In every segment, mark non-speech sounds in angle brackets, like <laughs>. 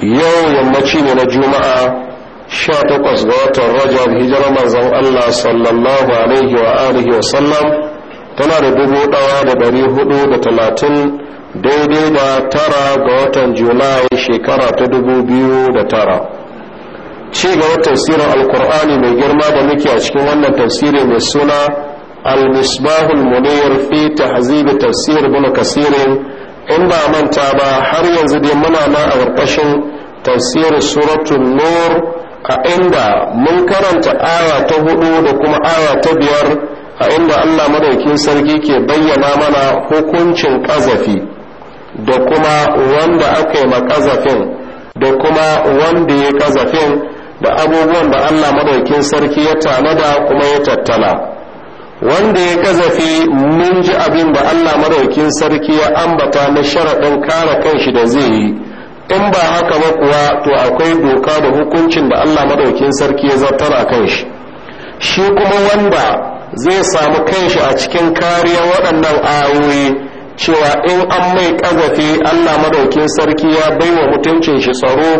yau yammaci ne na juma'a 18 ga watan rajab hijirar manzon allah sallallahu alaihi wa alihi wa sallam tana da dubu dawa da dari hudu da talatin daidai da tara ga watan julai shekara ta dubu biyu da tara ci gaba tafsirin alkur'ani mai girma da muke a cikin wannan tafsiri mai suna al-misbahul munir fi tahzib tafsir ibn kasirin in ba manta ba har yanzu dai muna ma a ƙarƙashin tafsir suratun nur a inda mun karanta aya ta hudu da kuma aya ta biyar a inda allah madaukin sarki ke bayyana mana hukuncin ƙazafi da kuma wanda aka yi ƙazafin da kuma wanda ya ƙazafin da abubuwan da allah madaukin sarki ya tanada kuma ya tattala wanda ya kazafi mun ji abin da Allah maraukin sarki ya ambata na sharaɗin kare kanshi da zai yi in ba haka ba kuwa to akwai doka da hukuncin da Allah maraukin sarki ya zartar a kanshi shi kuma wanda zai samu kanshi a cikin kariyar waɗannan ayoyi cewa in an mai kazafi Allah madaukin sarki ya baiwa mutuncin shi tsaro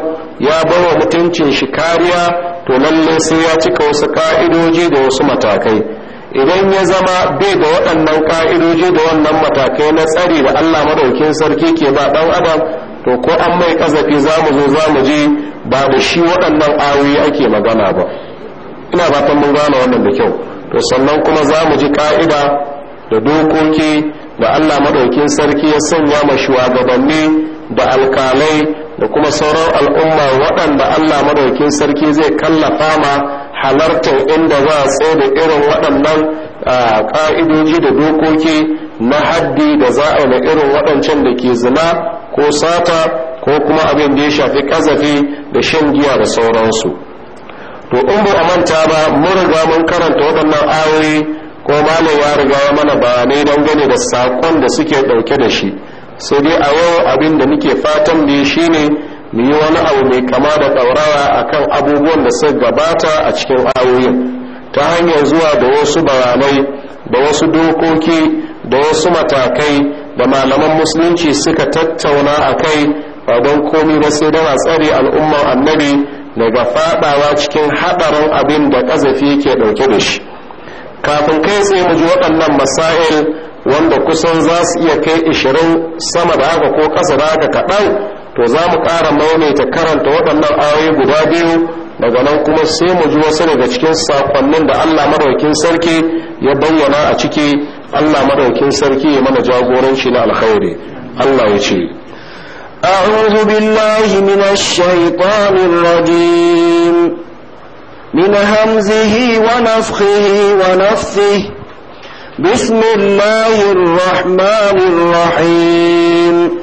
ya baiwa mutuncin shi kariya to lallai sai ya cika wasu ka'idoji da wasu matakai idan ya zama bai da waɗannan ƙa'idoji da wannan matakai na tsari da allah maɗaukin sarki ke ba ɗan adam to ko an mai ƙazafi za mu zo za mu ji ba da shi waɗannan ayoyi ake magana ba ina fatan mun gane wannan da kyau to sannan kuma za mu ji ƙa'ida da dokoki da allah maɗaukin sarki ya sanya ma shugabanni da alkalai da kuma sauran al'umma waɗanda allah maɗaukin sarki zai kallafa ma halartar inda za a tsaye da irin waɗannan ƙa'idoji da dokoki na haddi da za a na irin waɗancan da ke zina ko sata ko kuma abin da ya shafi ƙazafi da shan giya da sauransu to in ba a manta ba mun riga mun karanta waɗannan ayoyi ko malam ya riga ya mana bayanai don dangane da saƙon da suke ɗauke da shi sai dai a yau abin da muke fatan ne shine mu yi wani abu mai kama da ɗaurawa kan abubuwan da suka gabata a cikin ayoyin ta hanyar zuwa da wasu bayanai da wasu dokoki da wasu matakai da malaman musulunci suka tattauna a kai ba don komi ba sai dana tsare al'ummar annabi daga fadawa cikin haɗarin abin da ƙazafi ke ɗauke da shi kafin kai tsaye mu ji waɗannan masail wanda kusan za su iya kai ishirin sama da haka ko ƙasa da haka kaɗan to za mu ƙara maimaita karanta waɗannan ayoyi guda biyu daga nan kuma sai mu ji wasu daga cikin sakonnin da allah madaukin sarki ya bayyana a ciki allah madaukin sarki ya mana jagoranci na alkhairi allah ya ce أعوذ بالله من الشيطان الرجيم من همزه ونفخه ونفثه بسم الله الرحمن الرحيم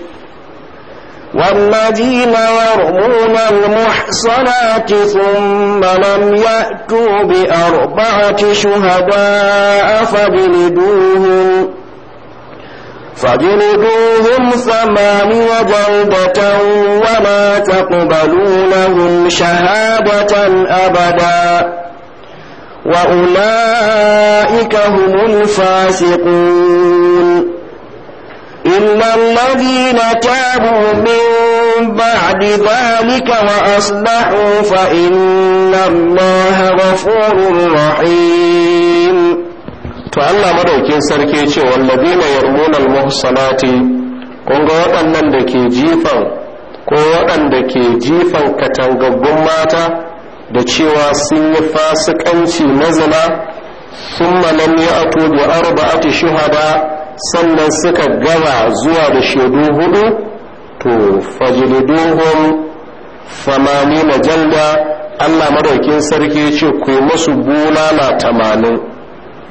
والذين يرمون المحصنات ثم لم يأتوا بأربعة شهداء فجلدوهم فجلدوهم ثماني جلدة وما تقبلوا لهم شهادة أبدا وأولئك هم الفاسقون إلا الذين تابوا من بعد ذلك وأصلحوا فإن الله غفور رحيم فألا مدوكين سركيتي والذين يرمون المحصنات kun waɗannan da ke jifan ko waɗanda ke jifan katangaggun mata da cewa sun yi fasikanci na zina sun malam ya ato arba'ati shuhada sannan suka gaba zuwa da shaidu hudu to famani na jalda Allah madaukin sarki ce ku yi musu bulala tamanin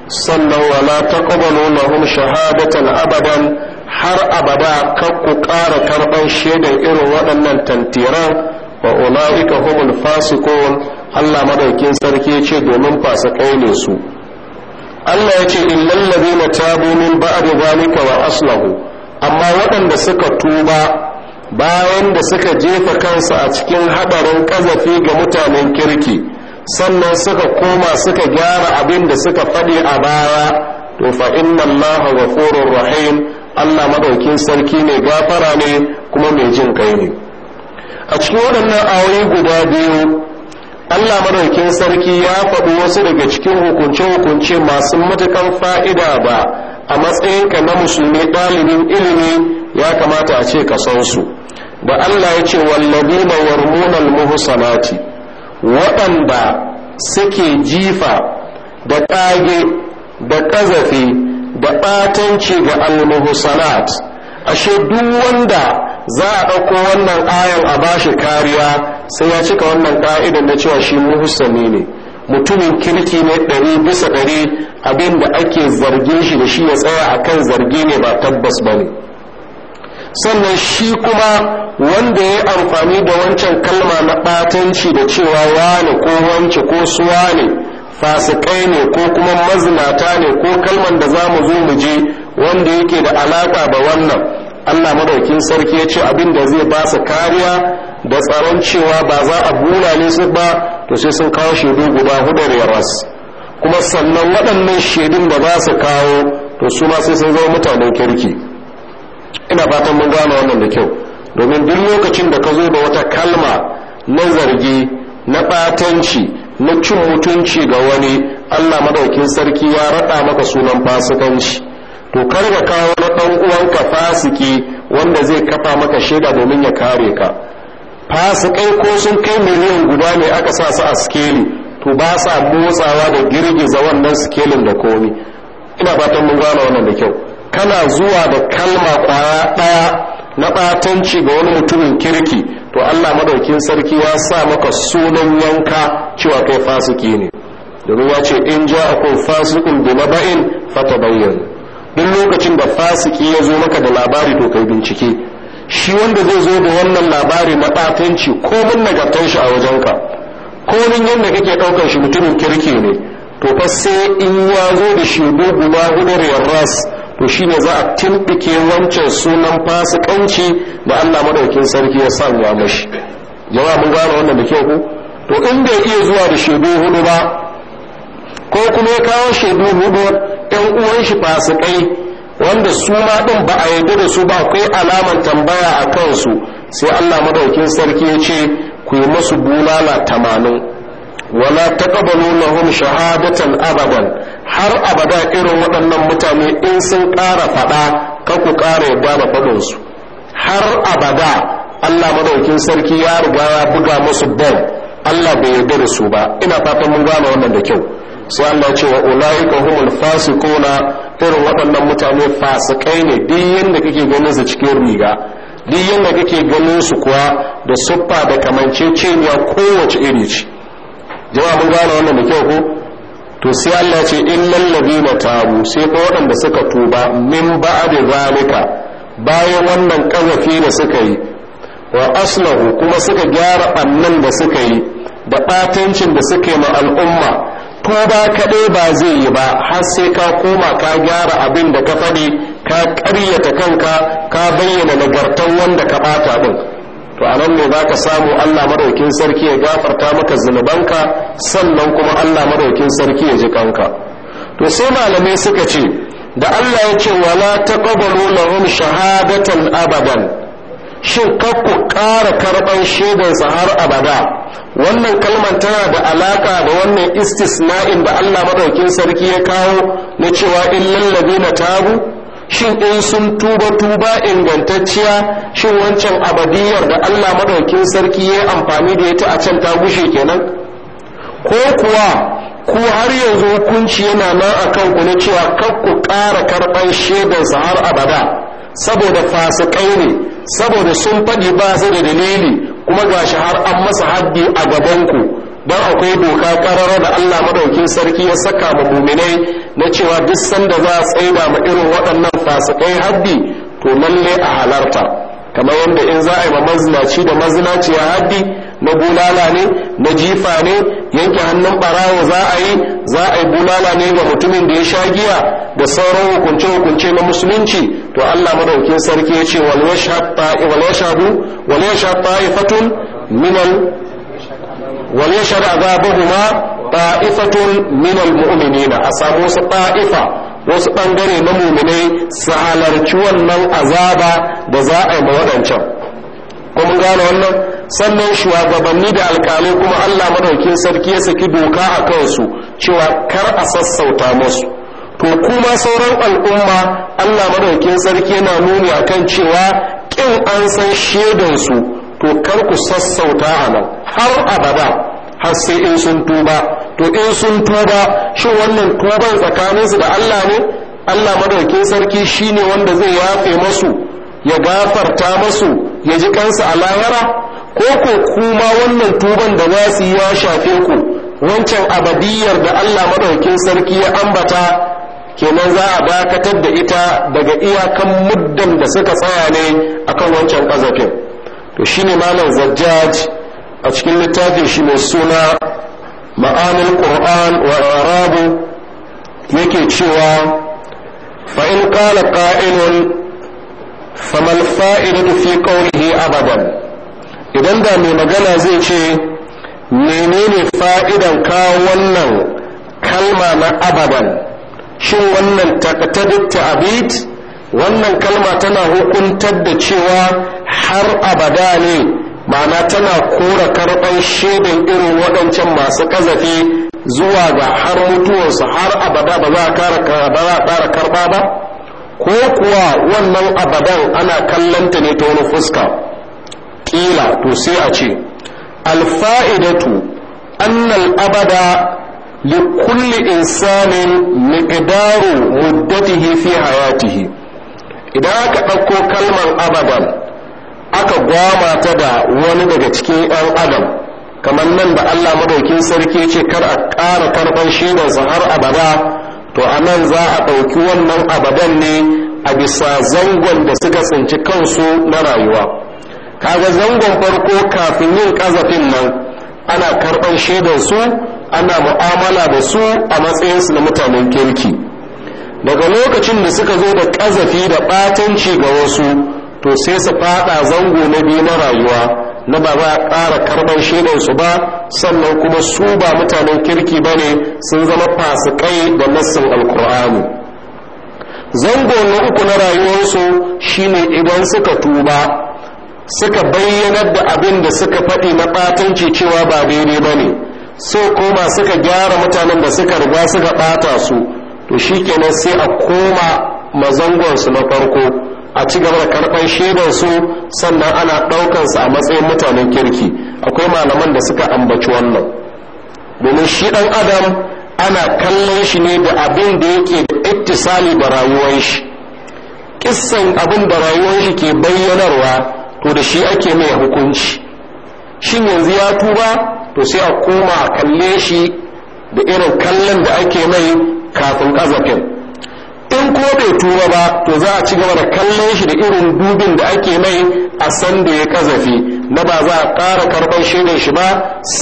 sannan wala ta na hun shahadatan abadan har abada kar ku ƙara karɓar shaidar irin waɗannan tantiran wa ulaika humul fasikun Allah madaukin sarki ce domin fasikai ne su Allah ya ce lallabe ladina tabu min ba'di zalika wa aslahu amma waɗanda suka tuba bayan da suka jefa kansu a cikin haɗarin ƙazafi ga mutanen kirki sannan suka koma suka gyara abin da suka faɗi a baya to fa inna Allah ghafurur rahim Allah madaukin sarki ne gafara ne kuma mai jin kai ne a cikin waɗannan ayoyi guda biyu Allah madaukin sarki ya faɗi wasu daga cikin hukunce-hukunce masu matukan fa'ida ba a matsayinka na musulmi ɗalibin ilimi ya kamata a ce ka san su da Allah ya ce wallabi na warmunan muhusanati waɗanda suke jifa da ƙage da ƙazafi da ɓatanci ga almuhusanat ashe duk wanda za a ɗauko wannan ayan a bashi kariya sai ya cika wannan ka'idar na cewa shi muhsani ne mutumin kirki ne ɗari bisa ɗari abin da ake zargin shi da shi ya tsaya akan zargi ne ba tabbas ba ne sannan shi kuma wanda ya yi amfani da wancan kalma na ɓatanci da cewa wane ko wance ko suwa ne fasikai ne ko kuma mazinata ne ko kalman da za mu zo mu je wanda yake da alaƙa da wannan allah madaukin sarki ya ce abin da zai ba su kariya da tsaron cewa ba za a bulale su ba to sai sun kawo shaidu guda hudu da ras kuma sannan waɗannan shaidun da za su kawo to su ma sai sun zama mutanen kirki ina fatan mun gane wannan da kyau domin duk lokacin da ka zo da wata kalma na zargi na ɓatanci na cin mutunci ga wani allah madaukin sarki ya raɗa maka sunan fasikanci to kar ka kawo na ɗan uwanka fasiki wanda zai kafa maka shaida domin ya kare ka fasikai ko sun kai miliyan guda ne aka sa su a skeli to ba sa motsawa da girgiza wannan skelin da komi ina fatan mun gane wannan da kyau kana zuwa da kalma kwaya ɗaya na ɓatanci ga wani mutumin kirki to allah madaukin sarki ya sa maka sunan yanka cewa kai fasiki ne domin ya ce in ja akwai fasikun bi maba'in fata bayyana duk lokacin da fasiki ya zo maka da labari to kai bincike shi wanda zai zo da wannan labari na batanci ko mun nagartar shi a wajenka ko mun yadda kake ɗaukar shi mutumin kirki ne to fa sai in ya zo da shaidu guda hudar ras to shine za a timbike wancan sunan fasikanci da Allah madaukin sarki ya sanya mashi jama'a mun gano wannan da kyau ko. to in bai iya zuwa da shaidu hudu ba ko kuma ya kawo shaidu hudu ɗan uwan shi fasikai wanda su ma ɗin ba a yarda da su ba akwai alaman tambaya a kansu sai allah madaukin sarki ya ce ku yi masu bulala tamanin wala taqabalu lahum shahadatan abadan har abada irin waɗannan mutane in sun ƙara faɗa ka ku ƙara yarda da su har abada allah madaukin sarki ya riga ya buga musu bal allah bai yarda da su ba ina fatan mun gane wannan da kyau sai Allah ce wa ulaika humul fasiquna irin waɗannan mutane fasikai ne duk yanda kake ganin su cikin riga duk yanda kake ganin su kuwa da suffa da kamance cewa kowace iri ce jama'a mun gane wannan da kyau ko to sai Allah ce illal ladina tabu sai ko waɗanda suka tuba min ba'da zalika bayan wannan kazafi da suka yi wa aslahu kuma suka gyara bannan da suka yi da batancin da suka yi ma al'umma tuba kaɗai ba zai yi ba har sai ka koma ka gyara abin da ka faɗi ka ƙaryata kanka ka bayyana nagartan wanda ka ɓata ɗin to a nan ne za ka samu allah maɗaukin sarki ya gafarta maka zunubanka sannan kuma allah maɗaukin sarki ya ji kanka to sai malamai suka ce da allah ya ce wala ta lahum shahadatan abadan shin kar ku ƙara karɓar shaidansa har abada wannan kalmar tana da alaƙa da wannan istisna'in da Allah maɗaukin sarki ya kawo na cewa in lallabi na tabu shin in sun tuba tuba ingantacciya shin wancan abadiyar da Allah maɗaukin sarki ya amfani da ita a can ta gushe kenan ko kuwa ku har yanzu hukunci yana nan a kanku na cewa kar ku ƙara karɓar shaidansa har abada saboda fasikai ne saboda sun faɗi ba su da dalili kuma ga shi har an masa haddi a gabanku don akwai doka karara da Allah madaukin sarki ya saka ma muminai na cewa duk sanda za a tsaida ma irin waɗannan fasikai haddi to lalle a halarta kamar yadda in za a yi ma mazinaci da mazinaci ya haddi na bulala ne na jifa ne yanke hannun barawo za a yi za a yi bulala ne ga mutumin da ya sha giya da sauran hukunce-hukunce na musulunci to allah madaukin sarki ya ce wal yashhad ta'ifatun minal wal yashhad طائفة من min al mu'minina a samu wasu ɓangare wasu na mu'minai su halarci wannan azaba da za a yi mawaɗancan. waɗancan kuma gane wannan sannan shugabanni da alkalai kuma Allah madaukin sarki ya saki doka a kansu cewa kar a sassauta musu to kuma sauran al'umma Allah madaukin sarki yana nuni kan cewa kin an san shaidansu to kar ku sassauta a nan har abada har sai in sun tuba to in sun tuba shin wannan tuban tsakaninsu da Allah ne Allah madaukin sarki shine wanda zai yafe masu ya gafarta masu ya ji kansu a lahira ko ko kuma wannan tuban da za su ya shafe ku wancan abadiyar da Allah madaukin sarki ya ambata kenan za a dakatar da ita daga iyakan muddan da suka tsaya ne akan wancan kazafin to shine malam zajjaj a cikin littafin shi mai suna ma'anin qur'an wa arabu yake cewa fa in qala qa'ilun famal fa'idatu fi qawlihi abadan idan da mai magana zai ce menene fa'idan kawo wannan kalma na abadan shin wannan taqtadit ta'bid wannan kalma tana hukuntar da cewa har abada ne ma'ana tana kora karɓar shaidan irin waɗancan masu ƙazafi zuwa ga har mutuwarsu har abada ba za a ƙara karɓa ba ko kuwa wannan abadan ana kallanta ne ta wani fuska ƙila to sai a ce alfa'idatu annal abada لكل إنسان مقدار مدته في حياته idan aka ɗauko kalmar abadan aka gwama ta da wani daga cikin 'yan adam kamar nan da allah madaukin sarki ce kar a ƙara karɓar shaidarsa har abada to a nan za a ɗauki wannan abadan ne a bisa zangon da suka tsinci kansu na rayuwa kaga zangon farko kafin yin ƙazafin nan ana karɓar shaidarsu ana mu'amala da su a matsayinsu na mutanen kirki daga lokacin da suka zo da ƙazafi da ɓatanci ga wasu to sai su faɗa zango na biyu na rayuwa na ba za a ƙara karɓar shaidansu ba sannan kuma su ba mutanen kirki ba ne sun zama fasikai da nassin alkur'ani zango na uku na rayuwarsu shine idan suka tuba suka bayyanar da abin da suka faɗi na ɓatanci cewa ba daidai ba ne sai koma suka gyara mutanen da suka riga suka ɓata su to shi kenan sai a koma mazangonsu na farko a ci gaba da karɓar su sannan ana ɗaukansu a matsayin mutanen kirki akwai malaman da suka ambaci wannan domin shi ɗan adam ana kallon shi ne da abin da yake da ittisali da rayuwar shi kissan abin da rayuwar shi ke bayyanarwa to da shi ake mai hukunci shin yanzu ya tuba to sai a koma kalle shi da irin kallon da ake mai kafin kazafin in ko bai tuba ba to za a ci gaba da kallon shi da irin dubin da ake mai a san da ya kazafi na ba za a ƙara karɓar shirin shi ba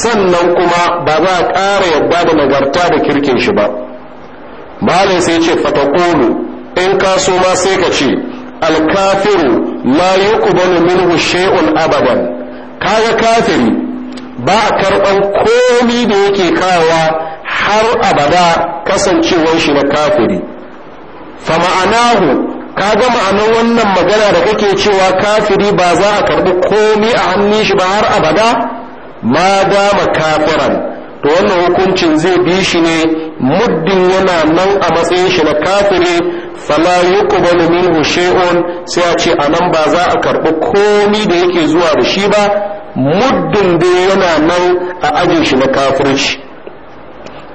sannan kuma ba za a ƙara yadda da nagarta da kirkin shi ba malin sai ce fatakulu in ka ma sai ka ce alkafiru la yuqbalu minhu shay'un abadan kaga kafiri ba a karɓar komi da yake kawa har abada kasancewar shi na kafiri fa ma'anahu ka ga ma'anar wannan magana da kake cewa kafiri ba za a karbi komi a hannun shi ba har abada ma dama kafiran to wannan hukuncin zai bi shi ne muddin yana nan a matsayin shi na kafiri fala yuqbalu minhu shay'un sai a ce anan ba za a karbi komi da yake zuwa da shi ba muddin dai yana nan a ajin shi na kafirci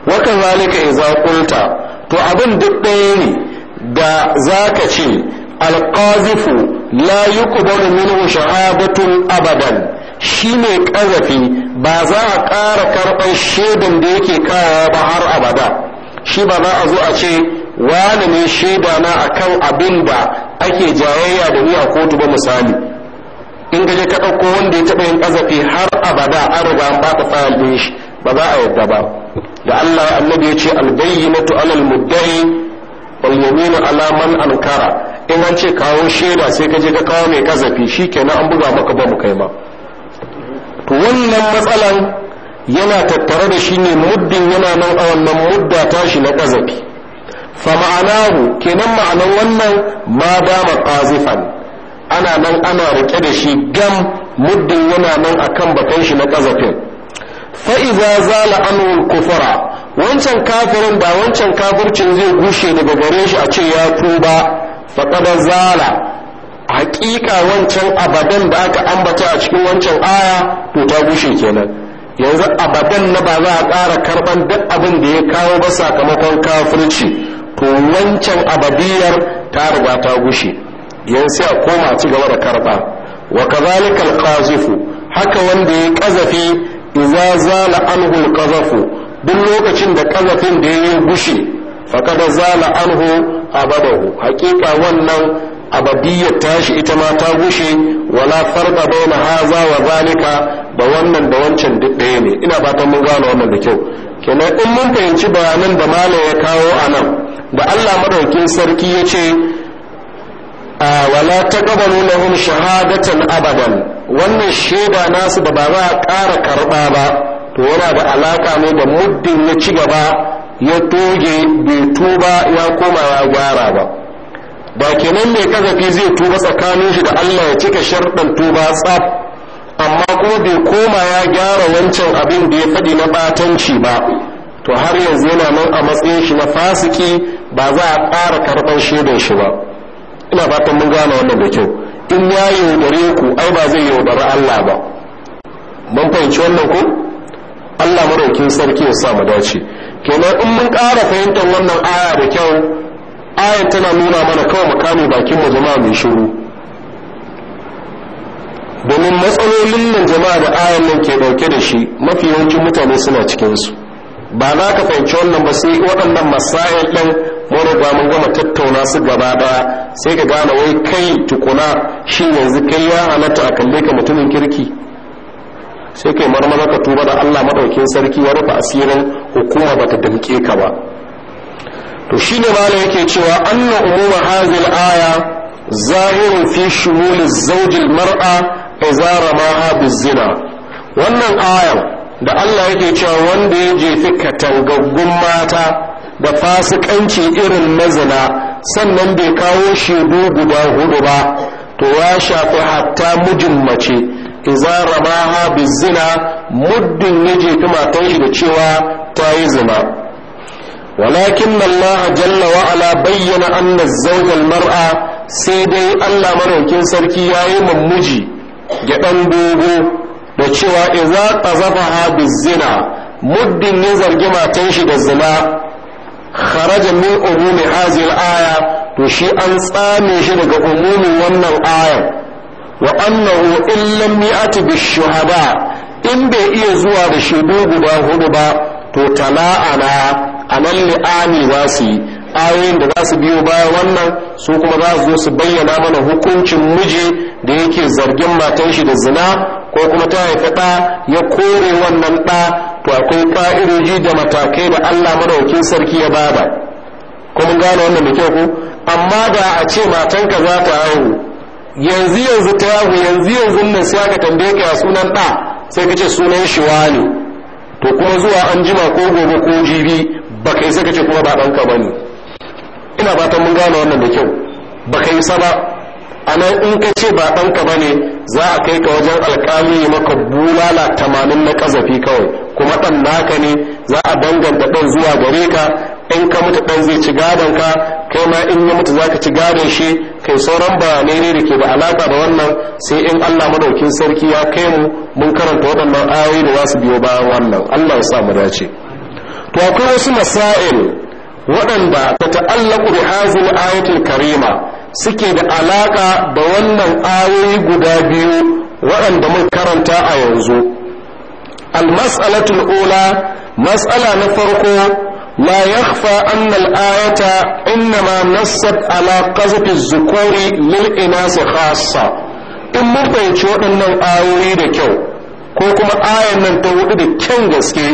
waka zalika iza qulta to abin duk ɗaya ne da zaka ce alqazifu la yuqbalu minhu shahadatun abadan shi mai ƙazafi ba za a ƙara karɓar shaidan da yake kawo ba har abada shi ba za a zo a ce wani ne shaida na akan abin da ake jayayya da ni a kotu ba misali in gaje ka ɗauko wanda ya taɓa yin ƙazafi har abada an riga an ɓata fayil ɗin shi ba za a yadda ba da Allah annabi ya ce albayyinatu alal mudda'i wal yaminu ala man ankara in an ce kawo shaida sai ka je ka kawo mai kazafi shikenan an buga maka ba mu kai ma to wannan matsalan yana tattare da shi ne muddin yana nan a wannan mudda tashi na kazafi fa ma'anahu kenan ma'anan wannan ma dama qazifan ana nan ana rike da shi gam muddin yana nan akan bakan shi na kazafin fa'iza zala anhu kufara wancan kafirin ba wancan kafircin zai gushe daga gare shi a ce ya tuba faƙadar zala hakika wancan abadan da aka ambata a cikin wancan aya to ta gushe kenan yanzu abadan na ba za a ƙara karɓan duk abin da ya kawo ba sakamakon kafirci to wancan abadiyar ta riga ta gushe yanzu sai a koma ci gaba da karɓa wa kazalikal qazifu haka wanda ya kazafi iza zala anhu alqazafu duk lokacin da kazafin da yayi gushe faqad zala anhu abadahu hakika wannan abadiyyar tashi ita ma ta gushe wala farqa baina haza wa zalika da wannan da wancan duk ne ina fatan mun gano wannan da kyau kenan in mun fahimci bayanan da malam ya kawo anan da Allah madaukin sarki ya ce wala taqbalu lahum shahadatan abadan wannan shaida nasu da ba za a ƙara karɓa ba to yana da alaƙa ne da muddin ya ci gaba ya toge bai tuba ya koma ya gyara ba ba kenan mai kazafi zai tuba tsakanin shi da Allah ya cika sharɗan tuba tsaf amma kuma bai koma ya gyara wancan abin da ya faɗi na batanci ba to har yanzu yana nan a matsayin shi na fasiki ba za a ƙara karɓar shaidan shi ba ina fatan mun gane wannan da kyau in ya yaudare ku ai ba zai yaudari Allah ba mun fahimci wannan ku Allah maraukin sarki ya sa mu dace kenan in mun ƙara fahimtar wannan aya da kyau aya tana nuna mana kawai makami bakin mu jama'a mai shiru domin matsalolin nan jama'a da ayan nan ke dauke da shi mafi yawancin mutane suna cikin su ba na ka fahimci wannan ba sai waɗannan masayar ɗan. mun ba mun gama tattauna su gaba daya sai ka gane wai kai tukuna shi yanzu kai ya halatta a kalle ka mutumin kirki sai kai marmara ka tuba da Allah madaukin sarki ya rufe asirin hukuma bata damke ka ba to shine malam yake cewa anna umuma hazil aya zahiru fi shumul zawj al mar'a idza ramaha bizina wannan aya da Allah yake cewa wanda ya jefi katangaggun mata da fasikanci irin mazina sannan bai kawo shaidu guda hudu ba to ya shafi hatta mijin mace iza rabaha bizina muddin ya jefi matan da cewa ta yi zina walakin Allah jalla wa ala bayyana anna zawjal mar'a sai dai Allah maraukin sarki yayi mammuji ga dan dogo da cewa iza qazafaha bizina muddin ya zargi matan shi da zina kharaja min umumi hazil aya to shi an tsame shi daga umumin wannan aya. wa annahu in lam ya'ti bi shuhada in bai iya zuwa da shaidu guda hudu ba to tala'ana anan li'ani za su yi ayoyin da za su biyo bayan wannan su kuma za su zo su bayyana mana hukuncin miji da yake zargin matan shi da zina ko kuma ta haifi ɗa ya kore wannan ɗa to akwai fa'idoji da matakai da Allah madaukin sarki ya bada kuma gane wannan da kyau ko amma da a ce matanka za ta haihu yanzu yanzu ta haihu yanzu yanzu nan sai aka tambaye ka sunan ɗa sai ka ce sunan shi wani to kuma zuwa an jima ko gobe ko jibi ba kai sai ka ce kuma ba ɗanka ba ne ina fatan mun gane wannan da kyau ba ka sa ba a nan in ka ce ba ɗanka ba ne za a kai ka wajen alƙali ya maka bulala tamanin na ƙazafi kawai kuma ɗan naka ne za a danganta ɗan zuwa gare ka in ka mutu ɗan zai ci gadon ka kai ma in ya mutu za ka ci gadon shi kai sauran bayanai ne da ke da alaƙa da wannan sai in allah madaukin sarki ya kai mu mun karanta waɗannan ayoyi da za su biyo bayan wannan allah ya sa mu dace to akwai wasu masail waɗanda ta ta'allaku da hazin ayatul karima suke da alaka da wannan ayoyi guda biyu waɗanda mun karanta a yanzu almas'alatul ula mas'ala na farko la yakhfa anna al-ayata innama nassat ala qazfi az-zukuri lil inasi khassa in mun fahimci waɗannan ayoyi da kyau ko kuma ayan nan ta hudu da kyan gaske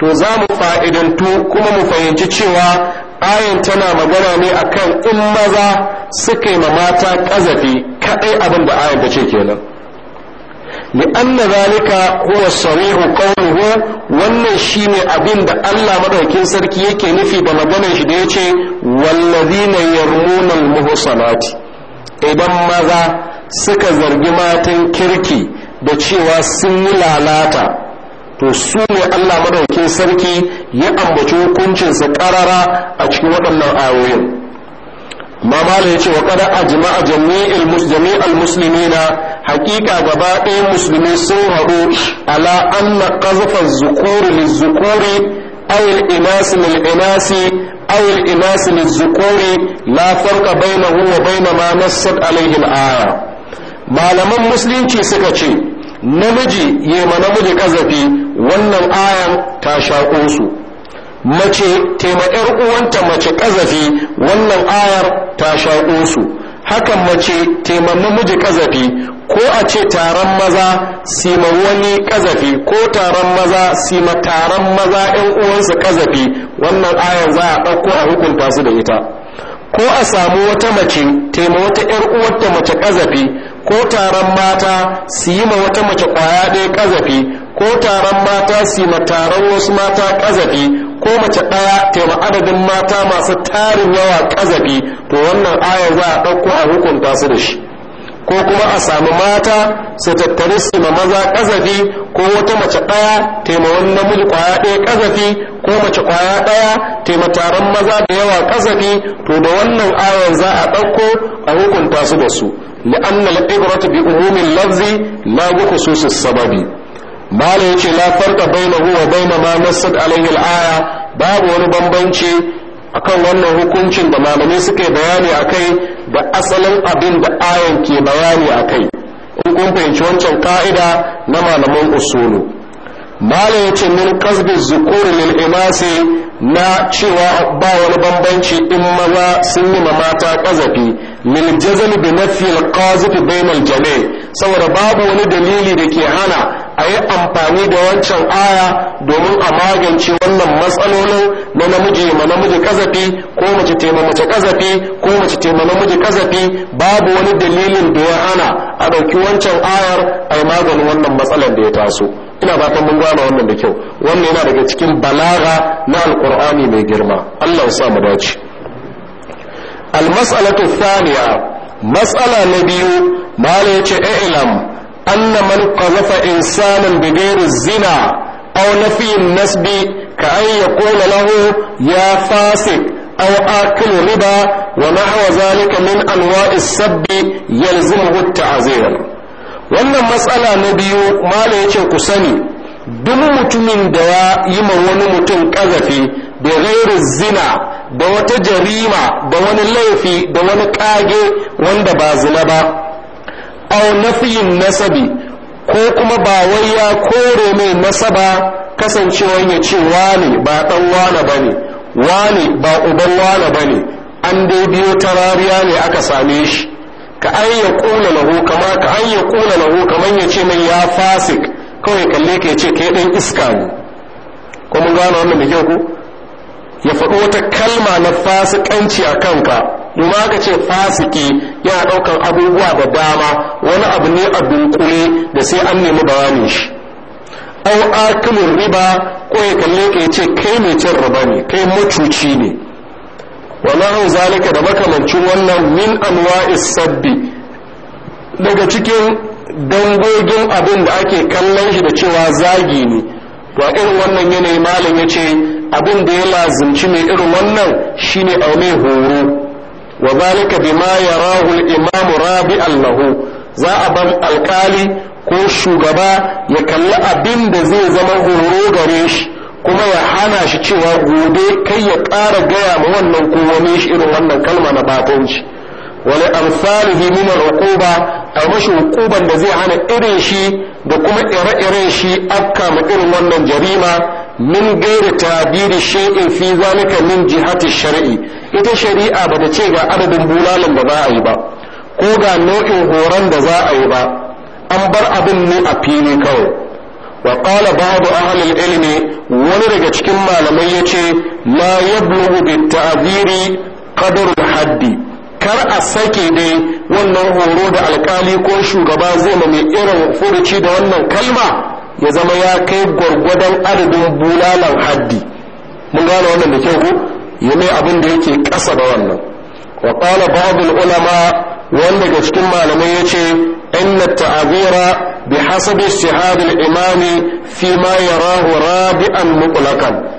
to za mu fa'idantu kuma mu fahimci cewa ayin tana magana ne akan in maza suka yi mata kazafi kadai abin da ayin ta ce kenan anna zalika huwa sarihu qawluhu wannan shine abin da Allah madaukin sarki yake nufi da maganar shi da yace wallazina yarmuna almuhsanati idan maza suka zargi matan kirki da cewa sun yi lalata to su ne Allah madaukin sarki ya ambaci hukuncinsa karara a cikin waɗannan ayoyin ma ya yace wa kada a jami'il jami'al musulmi na haƙiƙa gaba ɗaya musulmi sun haɗu ala anna qazfa zukuri lizukuri أو الإناث للإناث أو la farqa لا فرق بينه ma ما alayhi al aya. malaman musulunci suka ce namiji yi ma namiji kazafi wannan ayan ta shaƙo su mace taima yar uwanta mace kazafi wannan ayar ta shaƙo su hakan mace taima namiji kazafi ko a ce taron maza sima wani kazafi ko taron maza sima taron maza yan uwansu kazafi wannan ayar za a ɗauko a hukunta su da ita ko a samu wata mace taima wata 'yar uwarta mace kazafi ko taron mata su yi ma wata mace kwaya ɗaya kazafi ko taron mata su yi ma taron wasu mata kazafi ko mace ɗaya taima adadin mata masu tarin yawa kazafi to wannan aya za a ɗauko a hukunta su da shi ko kuma a samu mata su tattare su ma maza kazafi ko wata mace ɗaya taima wannan mulki kwaya ɗaya kazafi ko mace kwaya ɗaya taima taron maza da yawa kazafi to da wannan ayan za a ɗauko a hukunta su da su لأن العبرة la bi لا بخصوص السبب yace لا يجي لا فرق بينه ma ما alayhi al-aya babu wani bambanci akan wannan hukuncin da malamai suka yi bayani akai da asalin abin da ayan ke bayani akai in kun fahimci wancan ka'ida na malaman usulu mala ya ce min kasbi zukur lil imasi na cewa ba wani bambanci in maza sun yi mata kazafi lil jazal bi nafi al qazifi bainal saboda babu wani dalili da ke hana a yi amfani da wancan aya domin a magance wannan matsalolin na namiji ma namiji kazafi ko mace tema mace kazafi ko mace tema namiji kazafi babu wani dalilin da ya hana a ɗauki wancan ayar a yi maganin wannan matsalar da ya taso ina fatan mun gama wannan da kyau wannan yana daga cikin balaga na alkur'ani mai girma allah ya sa mu dace almas'alatu thaniya matsala na biyu mala yace i'lam anna man qazafa insanan bighairi zina aw nafi nasbi ka an yaqula lahu ya fasik riba wa ربا zalika min من sabbi السب يلزمه التعزير wannan matsala na biyu mala ya ce ku sani duk mutumin da ya yi ma wani mutum kazafi da gairu zina da wata jarima da wani laifi da wani ƙage wanda ba zina ba au nafiyin nasabi ko kuma ba wai ya kore mai nasaba kasancewa ya ce wani ba dan wani ba ne wani ba uban wani ba ne an dai biyo tarariya ne aka same shi ka an ya ƙuna lahu kama ka an ya lahu kaman ya ce mai ya fasik kawai kalle ka ce ka yi ɗan iska ne ko mun gano wannan da kyau ko ya faɗo wata kalma na fasikanci a kanka domin aka ce fasiki yana ɗaukar abubuwa da dama wani abu ne a dunkule da sai an nemi bayanin shi au akilin riba ko kalle ka ce kai mai cin riba ne kai macuci ne wa nahun zalika da makamancin wannan min anwa'is sabbi daga cikin dangogin abin da ake kallon shi da cewa zagi ne to irin wannan yanayi malam ya ce abin da ya lazimci mai irin wannan shine a mai horo wa zalika ma yarahu al-imam rabi allahu za a bar alkali ko shugaba ya kalli abin da zai zama horo gare shi kuma ya hana shi cewa gobe kai ya ƙara gaya ma wannan ko wani shi irin wannan kalma na bakunci wani amsali min al-uquba a mashi hukuban da zai hana irin shi da kuma ire-iren shi akka ma irin wannan jarima min gairi tabiri shay'in fi zalika min jihati shar'i ita shari'a ba bata ce ga adadin bulalan da za a yi ba ko ga nau'in horon da za a yi ba an bar abin ne a fili kawai wa qala ba'd ahli ilmi wani daga cikin malamai yace la yablughu bi ta'dhiri qadru haddi kar a sake dai wannan horo da alkali ko shugaba zai ma mai irin furuci da wannan kalma ya zama ya kai gwargwadon adadin bulalan haddi mun gane wannan da kyau ko ya mai abin da yake kasa da wannan wa qala ba'd ulama wani daga cikin malamai yace inna ta'dhira بحسب اجتهاد الإمام فيما يراه رابعا مطلقا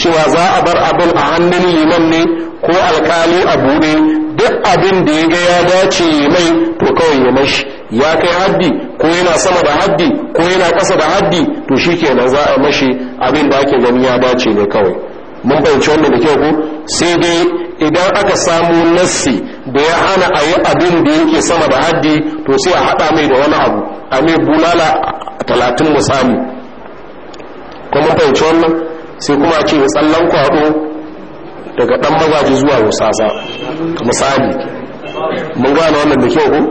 cewa za a bar abin a hannun liman ne ko alkali a buɗe duk abin da ya ga ya dace mai to kawai ya mashi ya kai haddi ko yana sama da haddi ko yana ƙasa da haddi to shi kenan za a mashi abin da ake gani ya dace ne kawai mun fahimci wannan da kyau ko sai dai idan aka samu nassi da ya hana a yi abin da yake sama da haddi to sai a haɗa mai da wani abu a ne bulala talatin misali samu kuma fahimci wannan sai kuma a ce tsallan kwaɗo daga ɗan mazaji zuwa rusasa misali mun gane wannan da kyau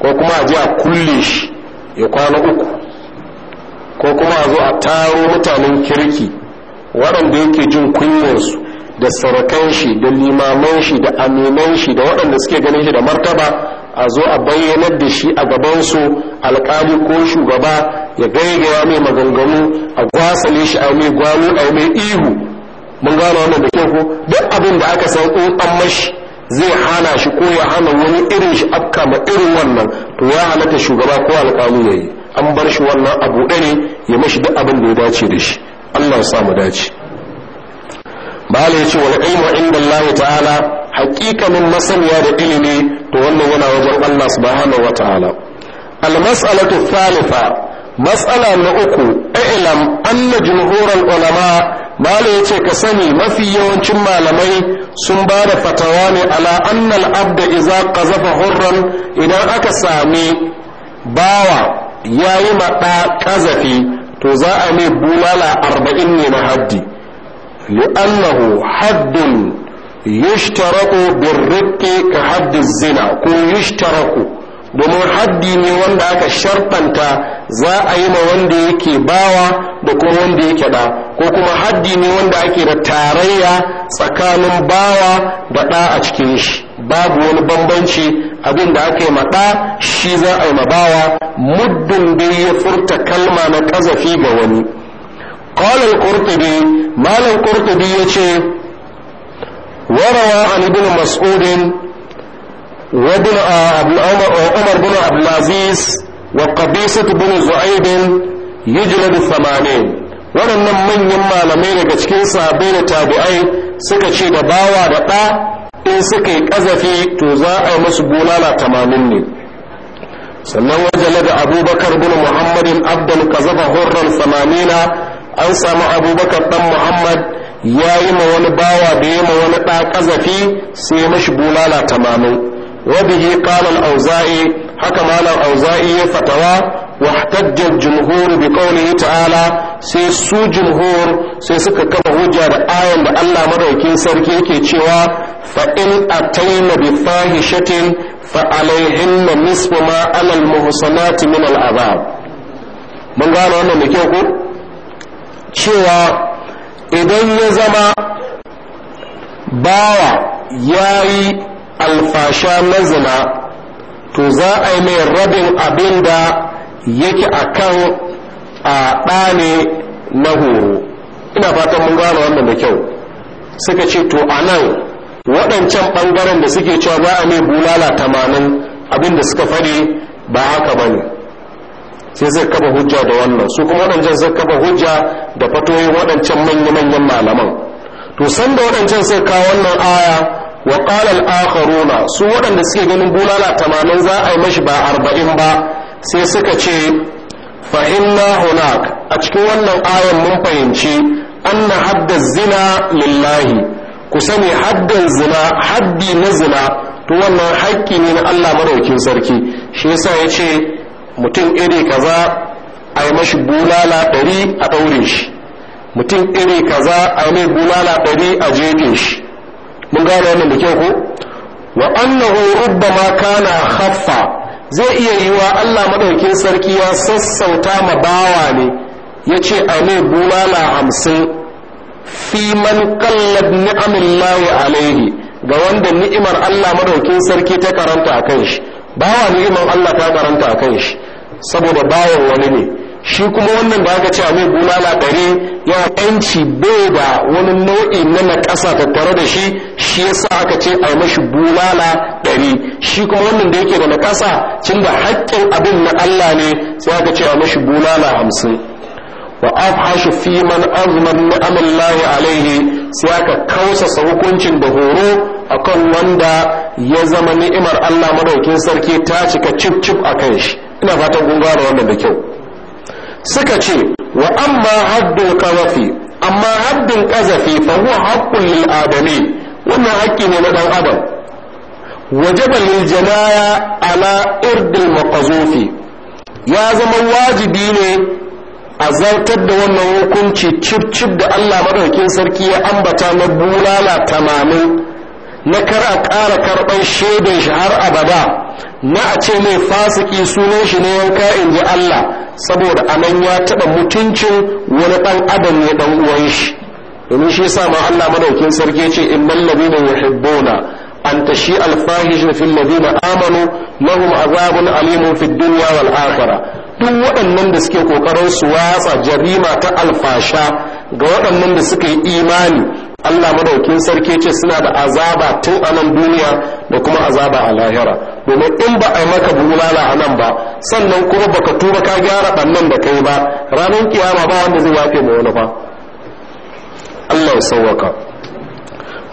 ko kuma a je a kulle shi ya kwana uku ko kuma a zo a taro mutanen kirki waɗanda yake jin kunyarsu da sarakan shi da limaman shi da aminan shi da waɗanda suke ganin shi da martaba a zo a bayyanar da shi a gabansu alkali ko shugaba ya gaigaya mai maganganu a gwasale shi a mai gwano a mai ihu mun gano wannan da kyau duk abin da aka san in an mashi zai hana shi ko ya hana wani irin shi afka ma irin wannan to ya halatta shugaba ko alkali ya yi an bar shi wannan abu buɗe ne ya mashi duk abin da ya dace da shi allah ya samu dace bala ya ce wal ilmu inda allah ta'ala haƙiƙanin masaniya da ilimi to wannan yana wajen Allah subhanahu wataala al-mas'alatu thalitha matsala na uku i'lam anna jumhurul ulama mala yace ka sani mafi yawancin malamai sun ba da fatawa ne ala annal abda idza qazafa hurran idan aka sami bawa yayi maɗa kazafi to za a ne bulala arba'in ne na haddi li'annahu haddun yushtaraqu birriqi ka haddi zina ko yushtaraku domin haddi ne wanda aka sharfanta za a yi ma wanda yake bawa da kuma wanda yake da ko kuma haddi ne wanda ake da tarayya tsakanin bawa da ɗa a cikin shi babu wani bambanci abin da aka yi maɗa shi za a yi muddun muddin da ya furta kalma na ƙazafi ga wani ƙwalar ƙurtubi malam ƙurtubi ya ce وروى عن ابن مسعود وابن عمر بن عبد العزيز وقبيصة بن زعيد يجلد ثمانين waɗannan manyan malamai daga cikin sahabbai da tabi'ai suka ce da bawa da ɗa in suka yi ƙazafi to za a yi musu bulala tamanin ne sannan wajala da abubakar bin muhammadin abdul kazafa hurran samanina an samu abubakar ɗan muhammad ya yi ma wani bawa da ya ma wani ɗa ƙazafi sai ya mashi bulala auzai haka malam auza'i ya fatawa الأوزائي فتوى bi الجمهور بقوله ta'ala sai su jumhur sai suka kafa hujja da ayan da Allah madaukin sarki yake cewa fa in atayna bi fahishatin fa alaihinna nisfu ma ala al muhsanati min al mun gano wannan da kyau ko cewa idan ya zama bawa ya yi alfasha na zina to za a yi mai rabin abin da yake a kan a ɗane na horo ina fatan mun gano wannan da kyau suka ce to a nan waɗancan ɓangaren da suke cewa za a mai bulala tamanin abin da suka faɗi ba haka ba ne sai zai kafa hujja da wannan su kuma waɗancan zai kafa hujja da fatoyin waɗancan manya-manyan malaman to sanda waɗancan sai kawo wannan aya wa ƙalal akharuna su waɗanda suke ganin bulala tamanin za a yi mashi ba arba'in ba sai suka ce inna hunak a cikin wannan ayan mun fahimci anna hadda zina lillahi ku sani haddan zina haddi na zina to wannan haƙƙi ne na Allah madaukin sarki shi yasa ya ce mutum iri kaza a yi mashi bulala ɗari a ɗaure shi mutum iri kaza a yi mai bulala ɗari a jefin shi mun gane wannan da kyau ko wa annahu ma kana haffa zai iya yiwa Allah madaukin sarki ya sassauta ma bawa ne ya ce a mai bulala hamsin fi man kallad ni'amillahi alaihi ga wanda ni'imar Allah madaukin sarki ta karanta a kan shi bawa ni'imar Allah ta karanta a kan shi saboda bayan wani ne shi kuma wannan da aka ce mai bulala ɗari ya ɗanci bai da wani nau'i na naƙasa tattare da shi shi yasa aka ce a mashi bulala ɗari shi kuma wannan da yake da naƙasa cin da haƙƙin abin na Allah ne sai aka ce a mashi bulala hamsin wa afhashu fi man azman ni'amallahi alaihi sai aka kausasa hukuncin da horo akan wanda ya zama ni'imar Allah madaukin sarki ta cika cip cip a kan shi ina fatan kun gane wannan da kyau suka ce wa amma haddul qazafi amma haddin qazafi fa huwa haqqul adami wannan haƙƙi ne na dan adam wajaba lil janaya ala irdil maqzufi ya zama wajibi ne a zartar da wannan hukunci cip cip da Allah madaukin sarki ya ambata na bulala tamamin na kar a ƙara karɓar shaidan shi har abada na a ce mai fasiki sunan shi ne yanka in ji Allah saboda anan ya taɓa mutuncin wani ɗan adam ne ɗan uwan shi domin shi sa ma Allah madaukin sarki ce innal ladina yuhibbuna an tashi alfahish fil ladina amanu lahum azabun alimun fid dunya wal akhirah duk waɗannan da suke ƙoƙarin su watsa jarima ta alfasha ga waɗannan da suka yi imani Allah madaukin sarki ce suna da azaba tun a nan duniya da kuma azaba a lahira domin in ba a yi maka bulala a nan ba sannan kuma baka tuba ka gyara bannan da kai ba ranar kiyama ba wanda zai yafe ma wani ba. Allah ya sauwaka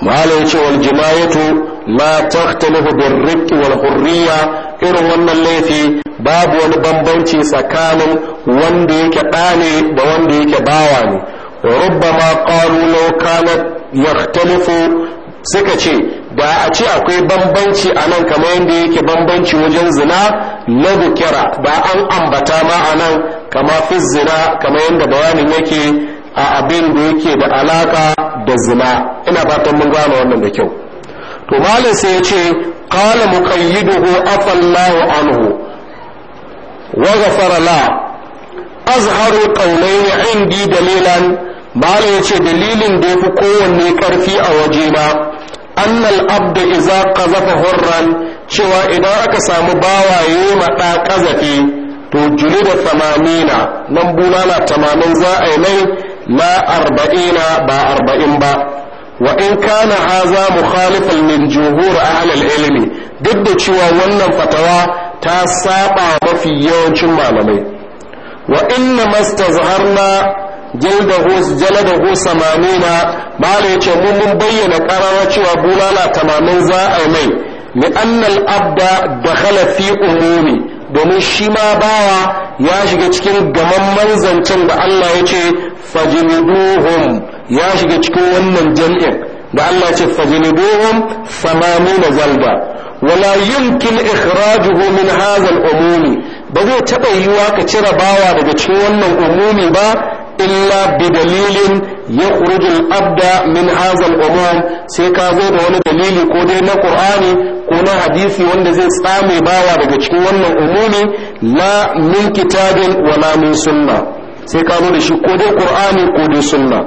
ya ce wal jima'atu la tahtalifu bir wal hurriya irin wannan laifi babu wani bambanci tsakanin wanda yake ɗane da wanda yake bawa ne ربما قالوا لو كانت yaktalifu suka ce ba a ce akwai bambanci a nan kamar yadda yake bambanci wajen zina na dukira ba an ambata ma a nan kama fi zina kamar yadda bayanin yake a abin da yake da alaka da zina ina fatan mun gane wannan da kyau to malam sai ya ce qala muqayyiduhu afallahu anhu wa ghafara la azharu ya indi dalilan malam ya ce dalilin da ya fi kowanne ƙarfi a waje ba annal abda iza qazafa hurran cewa idan aka samu bawaye ma ƙazafe to juli da tamanina nan bulala tamanin za a yi mai la arba'ina ba arba'in ba wa in kana haza mukhalifan min juhur ahlul ilmi duk da cewa wannan fatawa ta saba mafi yawancin malamai wa inna mastazharna jaldahu jaladahu samanuna bala yace mun mun bayyana karara cewa bulala tamamin za a mai li annal abda dakhala fi umumi domin shi ma bawa ya shiga cikin gamamman zancen da Allah yace fajliduhum ya shiga cikin wannan jam'in da Allah ce samani na zalba. wala yumkin ikhrajuhu min hadha al-umumi ba zai taɓa yiwuwa ka cire bawa daga cikin wannan umumi ba illa bi dalilin ya kurujin abda min hazal umar sai ka zo da wani dalili ko dai na ƙur'ani ko na hadisi wanda zai tsame bawa daga cikin wannan umumi la min kitabin wala min sunna sai ka zo da shi ko dai ƙur'ani ko dai sunna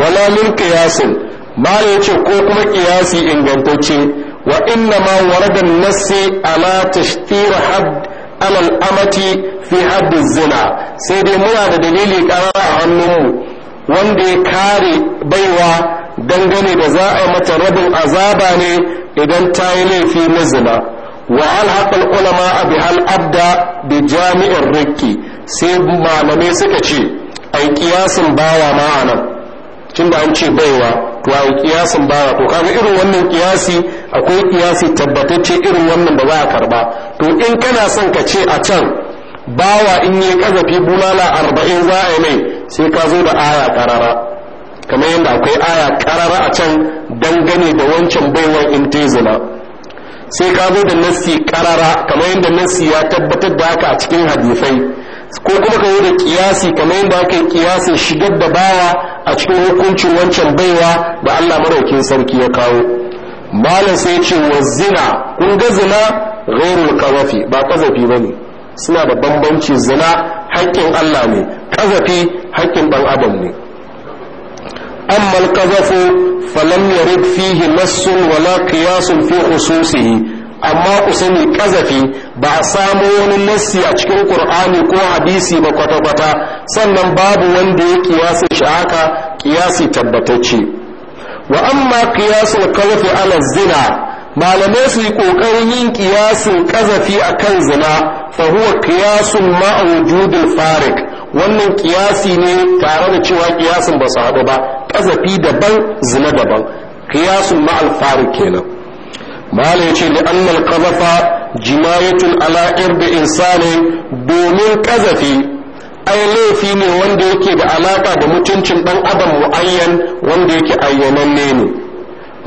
wala min qiyasin ma ce ko kuma kiyasi ingantacce wa inna ma warada an-nassi ala tashtira hadd alal amati fi haddin zina sai dai muna da dalili karara a hannunmu wanda ya kare baiwa dangane da za a mata rabin azaba ne idan ta yi laifi na zina wa alhaƙar ulama a bihal abda da jami'in rikki sai malamai suka ce ai kiyasin bawa ma'ana tun da an ce baiwa waye kiyasin bawa to kaga irin wannan kiyasi akwai kiyasi tabbatacce irin wannan da za a karba to in kana son ka ce a can bawa in yi kazafi bulala arba'in za a yi mai sai ka zo da aya karara kamar yadda akwai aya karara a can dangane da wancan baiwar intizila sai ka zo da nassi karara kamar yadda nassi ya tabbatar da haka a cikin hadisai ko kuma ka yi da kiyasi kamar yadda aka yi kiyasi shigar da bawa a cikin hukuncin wancan baiwa da Allah maraukin sarki ya kawo malam sai ce wa zina kun ga zina ghairul kazafi ba kazafi bane suna da bambanci zina haƙƙin Allah ne kazafi haƙƙin ɗan adam ne amma al-qazafu falam yarid fihi nassun wala qiyasun fi khususihi amma ku sani kazafi ba a samu wani nassi a cikin qur'ani ko hadisi ba kwata-kwata sannan babu wanda ya kiyasi shi haka kiyasi tabbatacce wa amma qiyasul kazafi ala zina malamai su yi ƙoƙarin yin ƙiyasin ƙazafi a kan zina fa huwa ƙiyasun farik wannan kiyasi ne tare da cewa kiyasin ba su haɗu ba ƙazafi daban zina daban kiyasun ma'al farik kenan malai ce da annal kazafa jimayatun ala'ir da insani domin kazafi ai laifi ne wanda yake da alaƙa da mutuncin dan adam mu'ayyan wanda yake ayyananne ne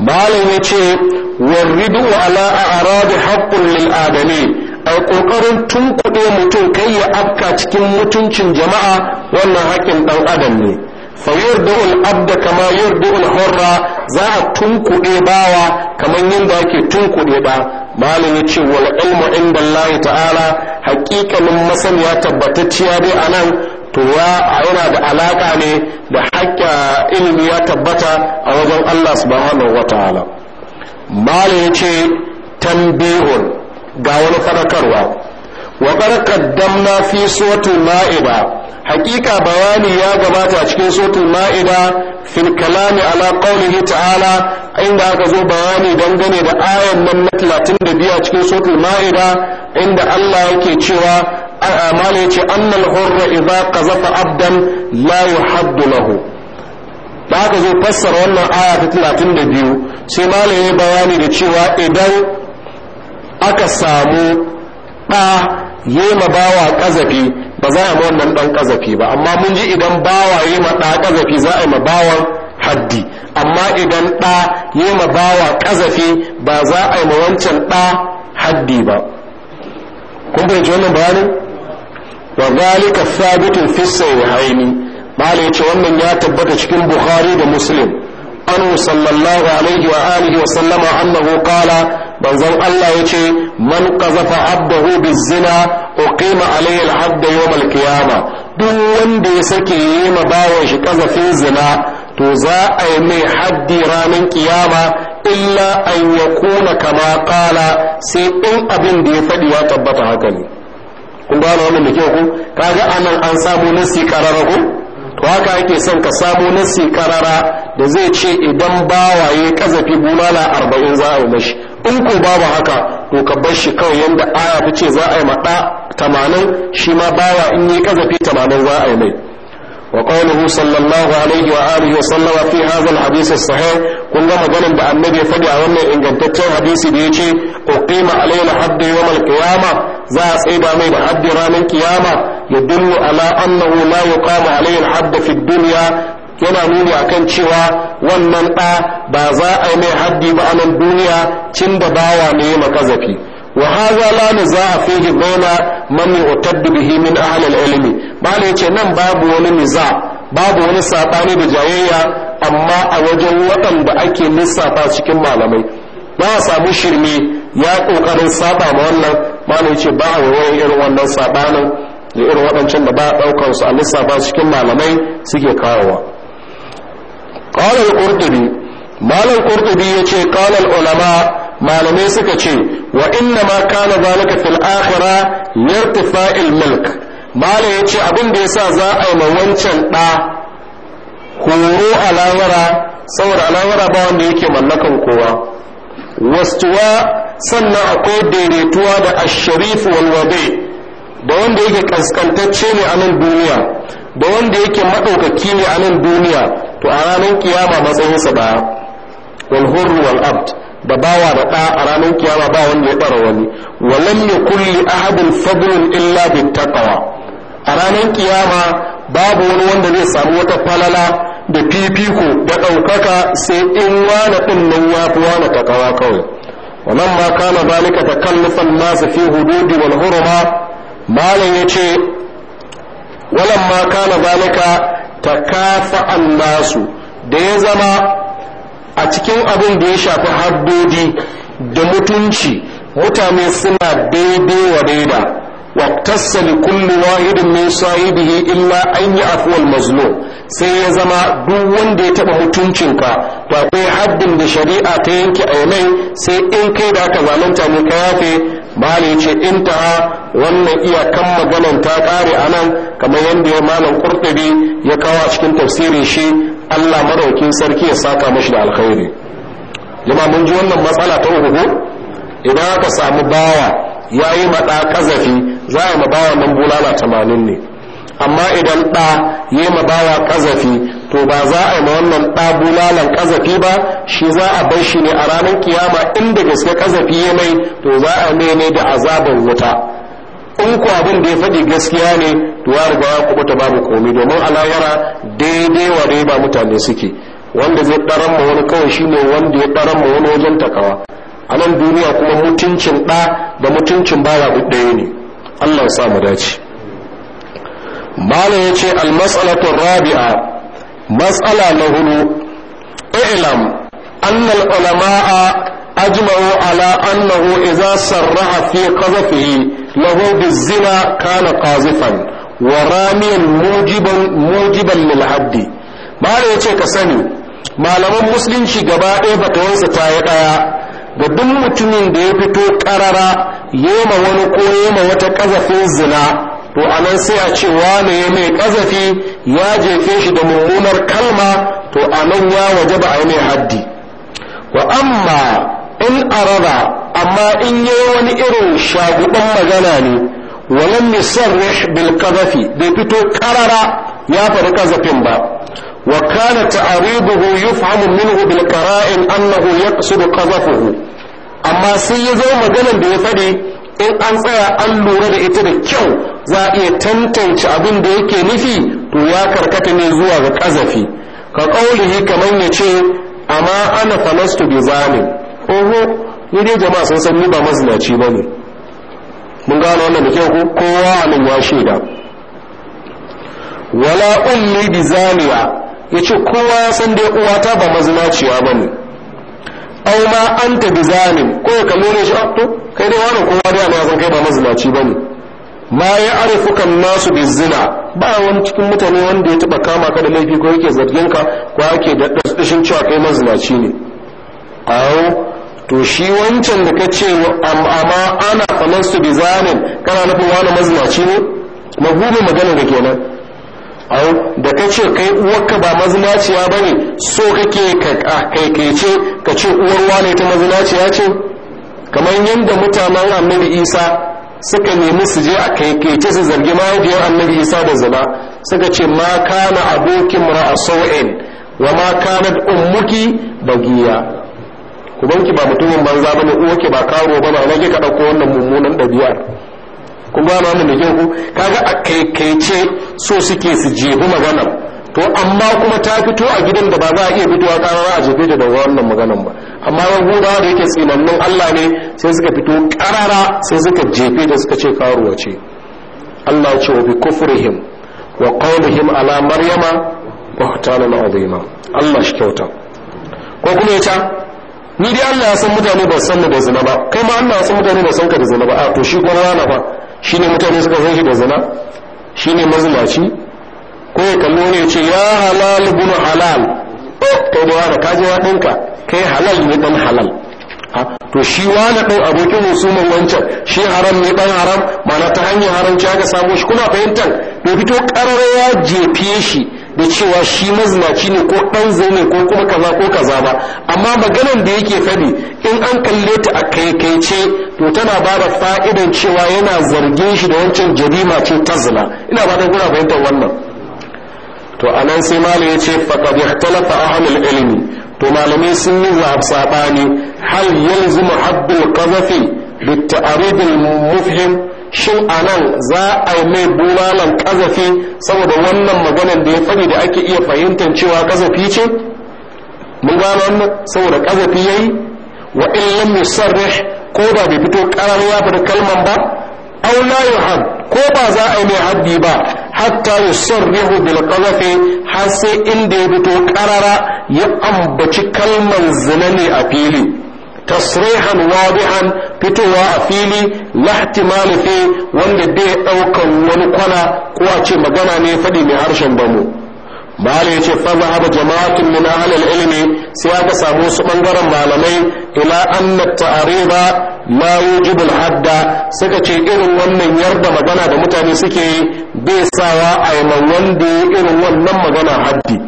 malai ya ce warridu ala a'radi haqqun lil adami ai kokarin tunkuɗe mutum kai ya afka cikin mutuncin jama'a wannan haƙƙin dan adam ne fa yurdul abda kama yurdul hurra za a tunkuɗe bawa kamar yadda ake tunkuɗe ba malam yace ce wal ilmu inda Allah ta'ala haƙiƙanin masaniya tabbatacciya dai anan to ya yana da alaka ne da haƙƙa ilimi ya tabbata a wajen Allah subhanahu wataala malam ya ce tambihun ga wani fadakarwa wa qad qaddamna fi suratul ma'iba hakika bayani ya gabata a cikin suratul ma'ida fil kalami ala qawlihi ta'ala inda aka zo bayani dangane da ayan nan na 32 a cikin suratul ma'ida inda Allah yake cewa amala yace annal hurra idza qazafa abdan la yuhaddu lahu da aka zo fassara wannan aya ta 32 sai malai ya bayani da cewa idan aka samu ɗa yema bawa kazafi ba za a ma wannan dan kazafi ba amma mun ji idan bawa yi ma ɗa kazafi za a yi ma bawan haddi amma idan ɗa yi ma bawa kazafi ba za a yi ma wancan ɗa haddi ba kun fahimci wannan bayanin wa zalika thabitun fi sahihaini ya ce wannan ya tabbata cikin bukhari da muslim anu sallallahu alaihi wa alihi wa sallama annahu qala manzon Allah ya ce man qazafa abdahu bizina uqima alayhi al-hadd yawm al-qiyama duk wanda ya sake yi ma bawon shi qazafin zina to za a yi mai haddi ranar kiyama illa an yakuna kama kala sai in abin da ya faɗi ya tabbata haka ne kun gano wannan da kyau ku kaga anan an samu nasi kararra ku to haka ake son ka samu nasi karara da zai ce idan bawaye kazafi bulala arba'in za a mashi in ko babu haka to ka bar shi kawai yadda aya ta ce za a yi maɗa tamanin shi ma baya in yi kazafi tamanin za a yi mai وقوله صلى الله عليه وآله وسلم في هذا الحديث الصحيح كنا مجانا بأن النبي فجأة وانا إن قدتين حديث بيجي أقيم علينا حد يوم القيامة za a tsaiba mai da haddin ranar kiyama ya dillu ala annahu la yuqamu alayhi al-hadd fi dunya yana nuni akan cewa wannan da ba za a yi mai haddi ba a nan duniya cin da baya mai makazafi wa hadha la nizaa fihi bayna man yu'taddu bihi min ahli al-ilm bal yace nan babu wani niza babu wani sabani da jayayya amma a wajen waɗanda ake lissafa cikin malamai ba a samu shirme ya kokarin saba ma wannan malai ce ba a wayan irin wannan sabanin da irin waɗancan da ba a ɗaukar su a lissafa cikin malamai suke kawowa qala al malam qurtubi yace qala al-ulama malamai suka ce wa inna ma kana zalika fil akhira yartifa'il milk malam ce abin da ya sa za a yi ma wancan da horo a lawara saboda lawara ba wanda yake mallakan kowa wastuwa sannan akwai daidaituwa da asharif walwabe da wanda yake kaskantacce ne a nan duniya da wanda yake maɗaukaki ne a nan duniya to a ranar kiyama matsayinsa ɗaya walhurru wal'abd da bawa da ɗa a ranar kiyama ba wanda ya bara wani walam yakul li ahadin fadlun illa taqwa a ranar kiyama babu wani wanda zai samu wata falala da fifiko da ɗaukaka sai in wane ɗin nan ya fi wane takawa kawai ولما كان ذلك تكلف الناس في حدود ce مالا يتي ولما كان ذلك تكافأ الناس da ya zama a cikin abin da ya shafi haddodi da mutunci mutane suna daidai wa daida wa tassali kullu wahidin min sahibihi illa an yi afuwal mazlum sai ya zama duk wanda ya taba mutuncinka to akwai haddin da shari'a ta yanke a yanayi sai in kai da aka zalunta ne ka yafe ne ce in ta wannan iyakan maganan ta kare a nan kamar yadda ya malam kurtubi ya kawo a cikin tafsirin shi allah maraukin sarki ya saka mashi da alkhairi lima mun ji wannan matsala ta uku idan aka samu baya ya yi maɗa kazafi za a yi ma bawa nan bulala tamanin ne amma idan ɗa yi ma bawa ƙazafi to ba za a yi ma wannan ɗa bulalan ƙazafi ba shi za a bar shi ne a ranar kiyama inda gaske ƙazafi ya mai to za a mai ne da azabar wuta in ku abin da ya faɗi gaskiya ne to ya riga ya kubuta babu komai domin alayara daidai wa dai ba mutane suke wanda zai ɗaran ma wani kawai shi ne wanda ya ɗaran ma wani wajen takawa a nan duniya kuma mutuncin ɗa da mutuncin baya ɗaya ne allah ya sa mu dace malam ya ce almasalatun rabi'a matsala na hudu i'lam a ajma'u ala annahu على أنه إذا صرح في قذفه kana بالزنا wa قاذفا mujiban mujiban موجبا للحد ما yace ka sani malaman musulunci gaba ɗaya ba ta wansa ta yi ɗaya ga duk mutumin da ya fito ƙarara ma wani ko ma wata ƙazafin zina to a nan sai a ce wane ya mai kazafi ya jefe shi da mummunar kalma to a nan ya waje ba a yi mai haddi wa amma in arara amma in yi wani irin shaguban magana ne walan misarrih bil qadhafi bai fito karara ya faɗi kazafin ba wa kana ta'ribuhu yufhamu minhu bil qara'in annahu yaqsidu qadhafuhu amma sai ya zo maganar da ya faɗi in an tsaya an lura da ita da kyau za a iya tantance abin da yake nufi to ya karkata ne zuwa ga kazafi ka ƙaulihi kamar ya ce amma ana falastu bi zalim oho ni dai jama'a sun san ni ba mazinaci ba ne mun gano wannan da kyau kowa a nan ya shaida wala ummi bi zaliya ya ce kowa ya san dai uwata ba mazinaciya ba ne au ma anta bi zalim ko ka lura shi ah, to kai dai wannan kowa dai ya san kai ba mazinaci ba ne ma ya arifukan nasu bi zina ba wani cikin mutane wanda ya taba kama ka da laifi ko yake zargin ka ko yake da dasdashin cewa kai mazinaci ne awo to shi wancan da kace amma ana kaman su bi zanin kana nufin wani mazinaci ne magudu magana da kenan au da ka ce kai uwarka ba mazinaciya ba ne so kake kaikaice ka ce uwar wane ta mazinaciya ce kamar yadda mutanen annabi isa suka nemi su je a ce su zargi mahaifiyar annabi isa da zina suka ce ma kana abokin ra'a sau'in wa ma kanat ummuki bagiya ku banki ba mutumin banza bane uwake ba karo ba ba nake ka dauko wannan mummunan dabi'a kun gano wannan da kyau ku kaga a kaikaice so suke su jefi maganar to amma kuma ta fito a gidan da ba za a iya fitowa karara a jefe da daga wannan maganan ba amma yahudawa da yake tsinannun allah ne sai suka fito karara sai suka jefe da suka ce karuwa ce allah ce wa bi kufrihim wa qawlihim ala maryama wa na azima allah shi kyauta ko kuma ya ta ni dai allah ya san mutane ba san mu da zina ba kai ma allah ya san mutane ba san ka da zina ba a to shi gwarwa na fa shine mutane suka san shi da zina shine mazulaci ko ya kalli wani ya ce ya halal bin halal to oh, ba da kaji wa ɗinka kai halal ne dan halal ah, to shi wani ɗan abokin musulman wancan shi haram ne dan haram mana ta hanyar haramci aka samu shi kuna fahimtar to fito ƙarar ya jefe shi da cewa shi mazinaci ne ko ɗan zaune ko kuma kaza ko kaza ba amma maganar da yake faɗi in an kalle ta a kaikaice to tana ba da fa'idan cewa yana zargin shi da wancan jarima ce ta zina ina ba da kuna fahimtar wannan to anan sai ya ce malam yace faqad ikhtalafa ahlul ilmi to malamai sun yi sabani hal yanzu haddul qazafi bit ta'rid al mufhim shin anan za a yi mai bulalan kazafi saboda wannan maganar da ya faɗi da ake iya fahimtar cewa kazafi ce mun gano wannan saboda kazafi yayi wa in lam yusarrih ko da bai fito karar ya fita kalman ba aw la yuhad ko ba za a yi mai haddi ba hatta yusarrihu bil qadhafi har sai inda ya fito karara ya ambaci kalmar zina ne a fili tasrihan wadihan fitowa a fili lahtimali fi wanda bai daukan wani kwana ko a ce magana ne faɗi mai harshen bamu bala ya ce fazahaba jama'atun min halal ilimi sai aka samu su ɓangaren malamai ila anna ta'ariba la yujibul hadda suka ce irin wannan yarda magana da mutane suke bai sawa a yaman wanda irin wannan magana haddi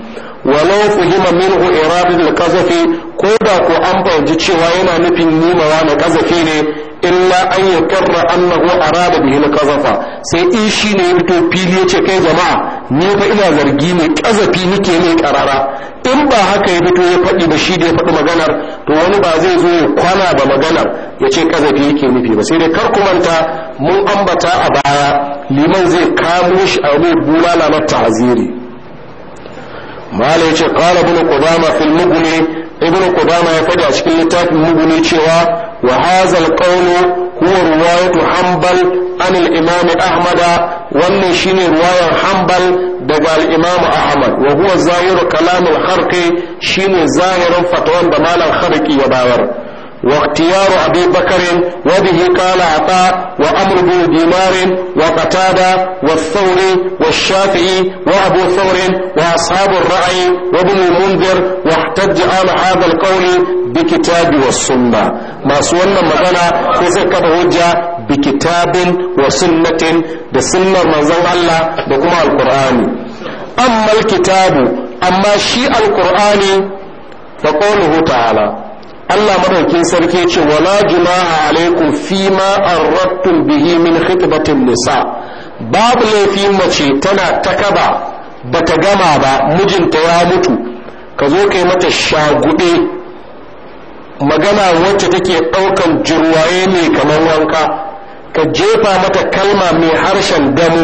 walau fahima minhu iradul qazafi ko da ko an fahimci cewa yana nufin nimawa na qazafi ne illa an yi karra annahu arada bihi na sai in shi ne ya fito fili ya ce kai jama'a ni fa ina zargi ne kazafi nake ne karara in ba haka ya fito ya faɗi ba shi da ya faɗi maganar to wani ba zai zo ya kwana ba maganar ya ce kazafi yake nufi ba sai dai kar ku manta mun ambata a baya liman zai kamo shi a wani bulala na ta'aziri malai ce qala bin qudama fil mughni ibn qudama ya faɗi a cikin littafin muguni cewa wa hadha al-qawl huwa riwayatu hanbal an al-imam ahmad wannan shine riwayar hanbal daga al-imam ahmad wa huwa zahiru kalam al-harqi shine zahirin fatawan da malam harqi ya bayar واختيار أبي بكر وبه قال عطاء وأمر بن دينار وقتادة والثوري والشافعي وأبو ثور وأصحاب الرأي وابن المنذر واحتج على هذا القول بكتاب والسنة ما سوالنا مغانا كذلك بهجة بكتاب وسنة بسنة منزل الله بكما القرآن أما الكتاب أما شيء القرآن فقوله تعالى Allah madaukin sarki ce wala junaha alaikum fima arrattum bihi min khitbatin nisa babu laifi mace tana takaba bata gama ba mijinta ya mutu ka zo kai mata shagude magana wacce take ɗaukan jirwaye ne kamar wanka ka jefa mata kalma mai harshen damo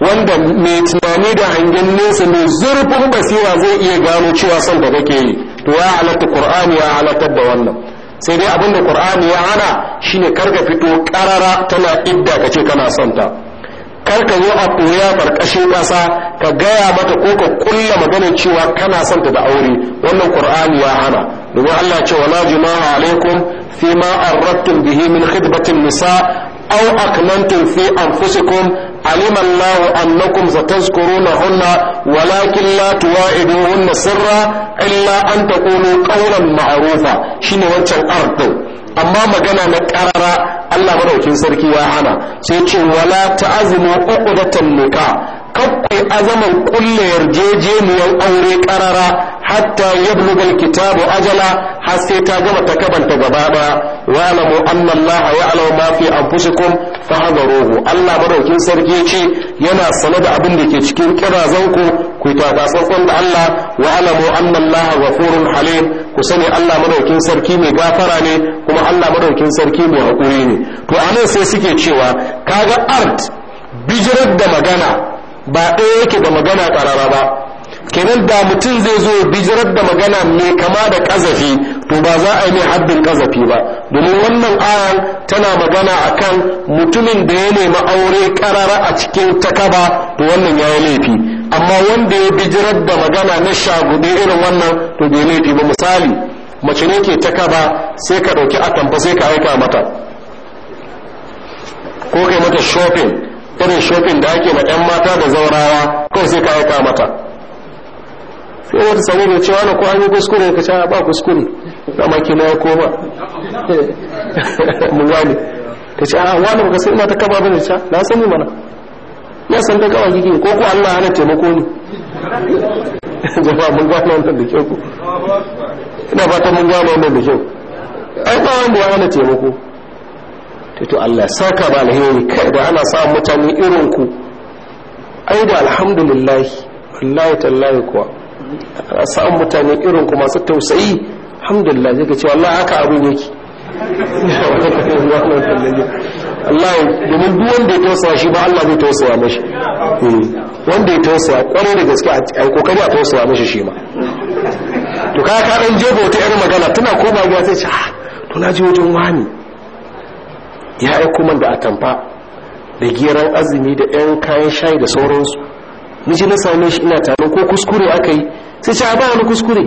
wanda mai tunani da hangen nesa mai zurfin basira zai iya gano cewa son da kake yi to ya halatta qur'ani ya halatar da wannan sai dai abinda qur'ani ya hana shine kar ka fito karara tana idda kace kana son ta karka zo a koya karkashin ƙasa ka gaya mata ko ka kulla magana cewa kana son ta da aure wannan qur'ani ya hana domin Allah ya ce wala juma'a alaikum fi ma aradtum bihi min khidbatin nisa aw akmantum fi anfusikum alima Allah annakum satazkurunahunna walakin la tuwa'iduhunna sirra illa an taqulu qawlan ma'rufa shine wancan ardu amma magana na karara Allah ɗaukin sarki ya hana sai ce wala ta'zimu uqdatan nikah kakkai azaman kulle yarjejeniyar aure karara hatta yablugal kitabu ajala har sai ta gama ta kabanta gaba daya wa alamu anna allaha ya'lamu ma fi anfusikum hadaruhu allah madaukin sarki ce yana sane da abin da ke cikin kirazanku ku yi tsantsan da allah wa alamu anna allaha ghafurun halim ku sani allah madaukin sarki mai gafara ne kuma allah madaukin sarki mai hakuri ne to anan sai suke cewa kaga art bijirar da magana ba ɗaya yake da magana ƙarara ba kenan da mutum zai zo bijirar da magana mai kama da ƙazafi to ba za a yi mai haddin ƙazafi ba domin wannan ayan tana magana akan mutumin da ya nemi aure ƙarara a cikin takaba to wannan ya yi laifi amma wanda ya bijirar da magana na shagube irin wannan to bai laifi ba misali mace ne ke takaba sai ka ɗauki atamfa sai ka aika mata ko kai mata shopping irin shopping da ake ma 'yan mata da zaurawa kawai sai ka aika mata sai wata sami da cewa na ko an yi kuskure ka ca ba kuskure na maki na ko ba mun gane ta ce a wani baka sai mata kaba bane ta na sani mana na san ta kawai kike ko ko Allah hana taimako ne <laughs> jama'a mun gane wannan da kyau ina fata mun gane wannan da kyau ai ba wanda ya hana taimako to Allah saka ba alheri kai da ana sa mutane irin ku ai da alhamdulillah wallahi tallahi kuwa ana sa mutane irin ku masu tausayi alhamdulillah zai ka ce wallahi haka abin yake Allah domin duk wanda ya tausaya shi ba Allah zai tausaya mashi hmm. wanda ya tausaya kwarai da gaske a kokari a tausaya mashi shi ma to ka ka dan jefa ta yar magana tana koma gida sai ce ah to na ji wajen wani ya aiko man da atamfa da geran azumi da yan kayan shayi da sauransu ji na same shi ina taron ko kuskure aka yi sai ce a ba wani kuskure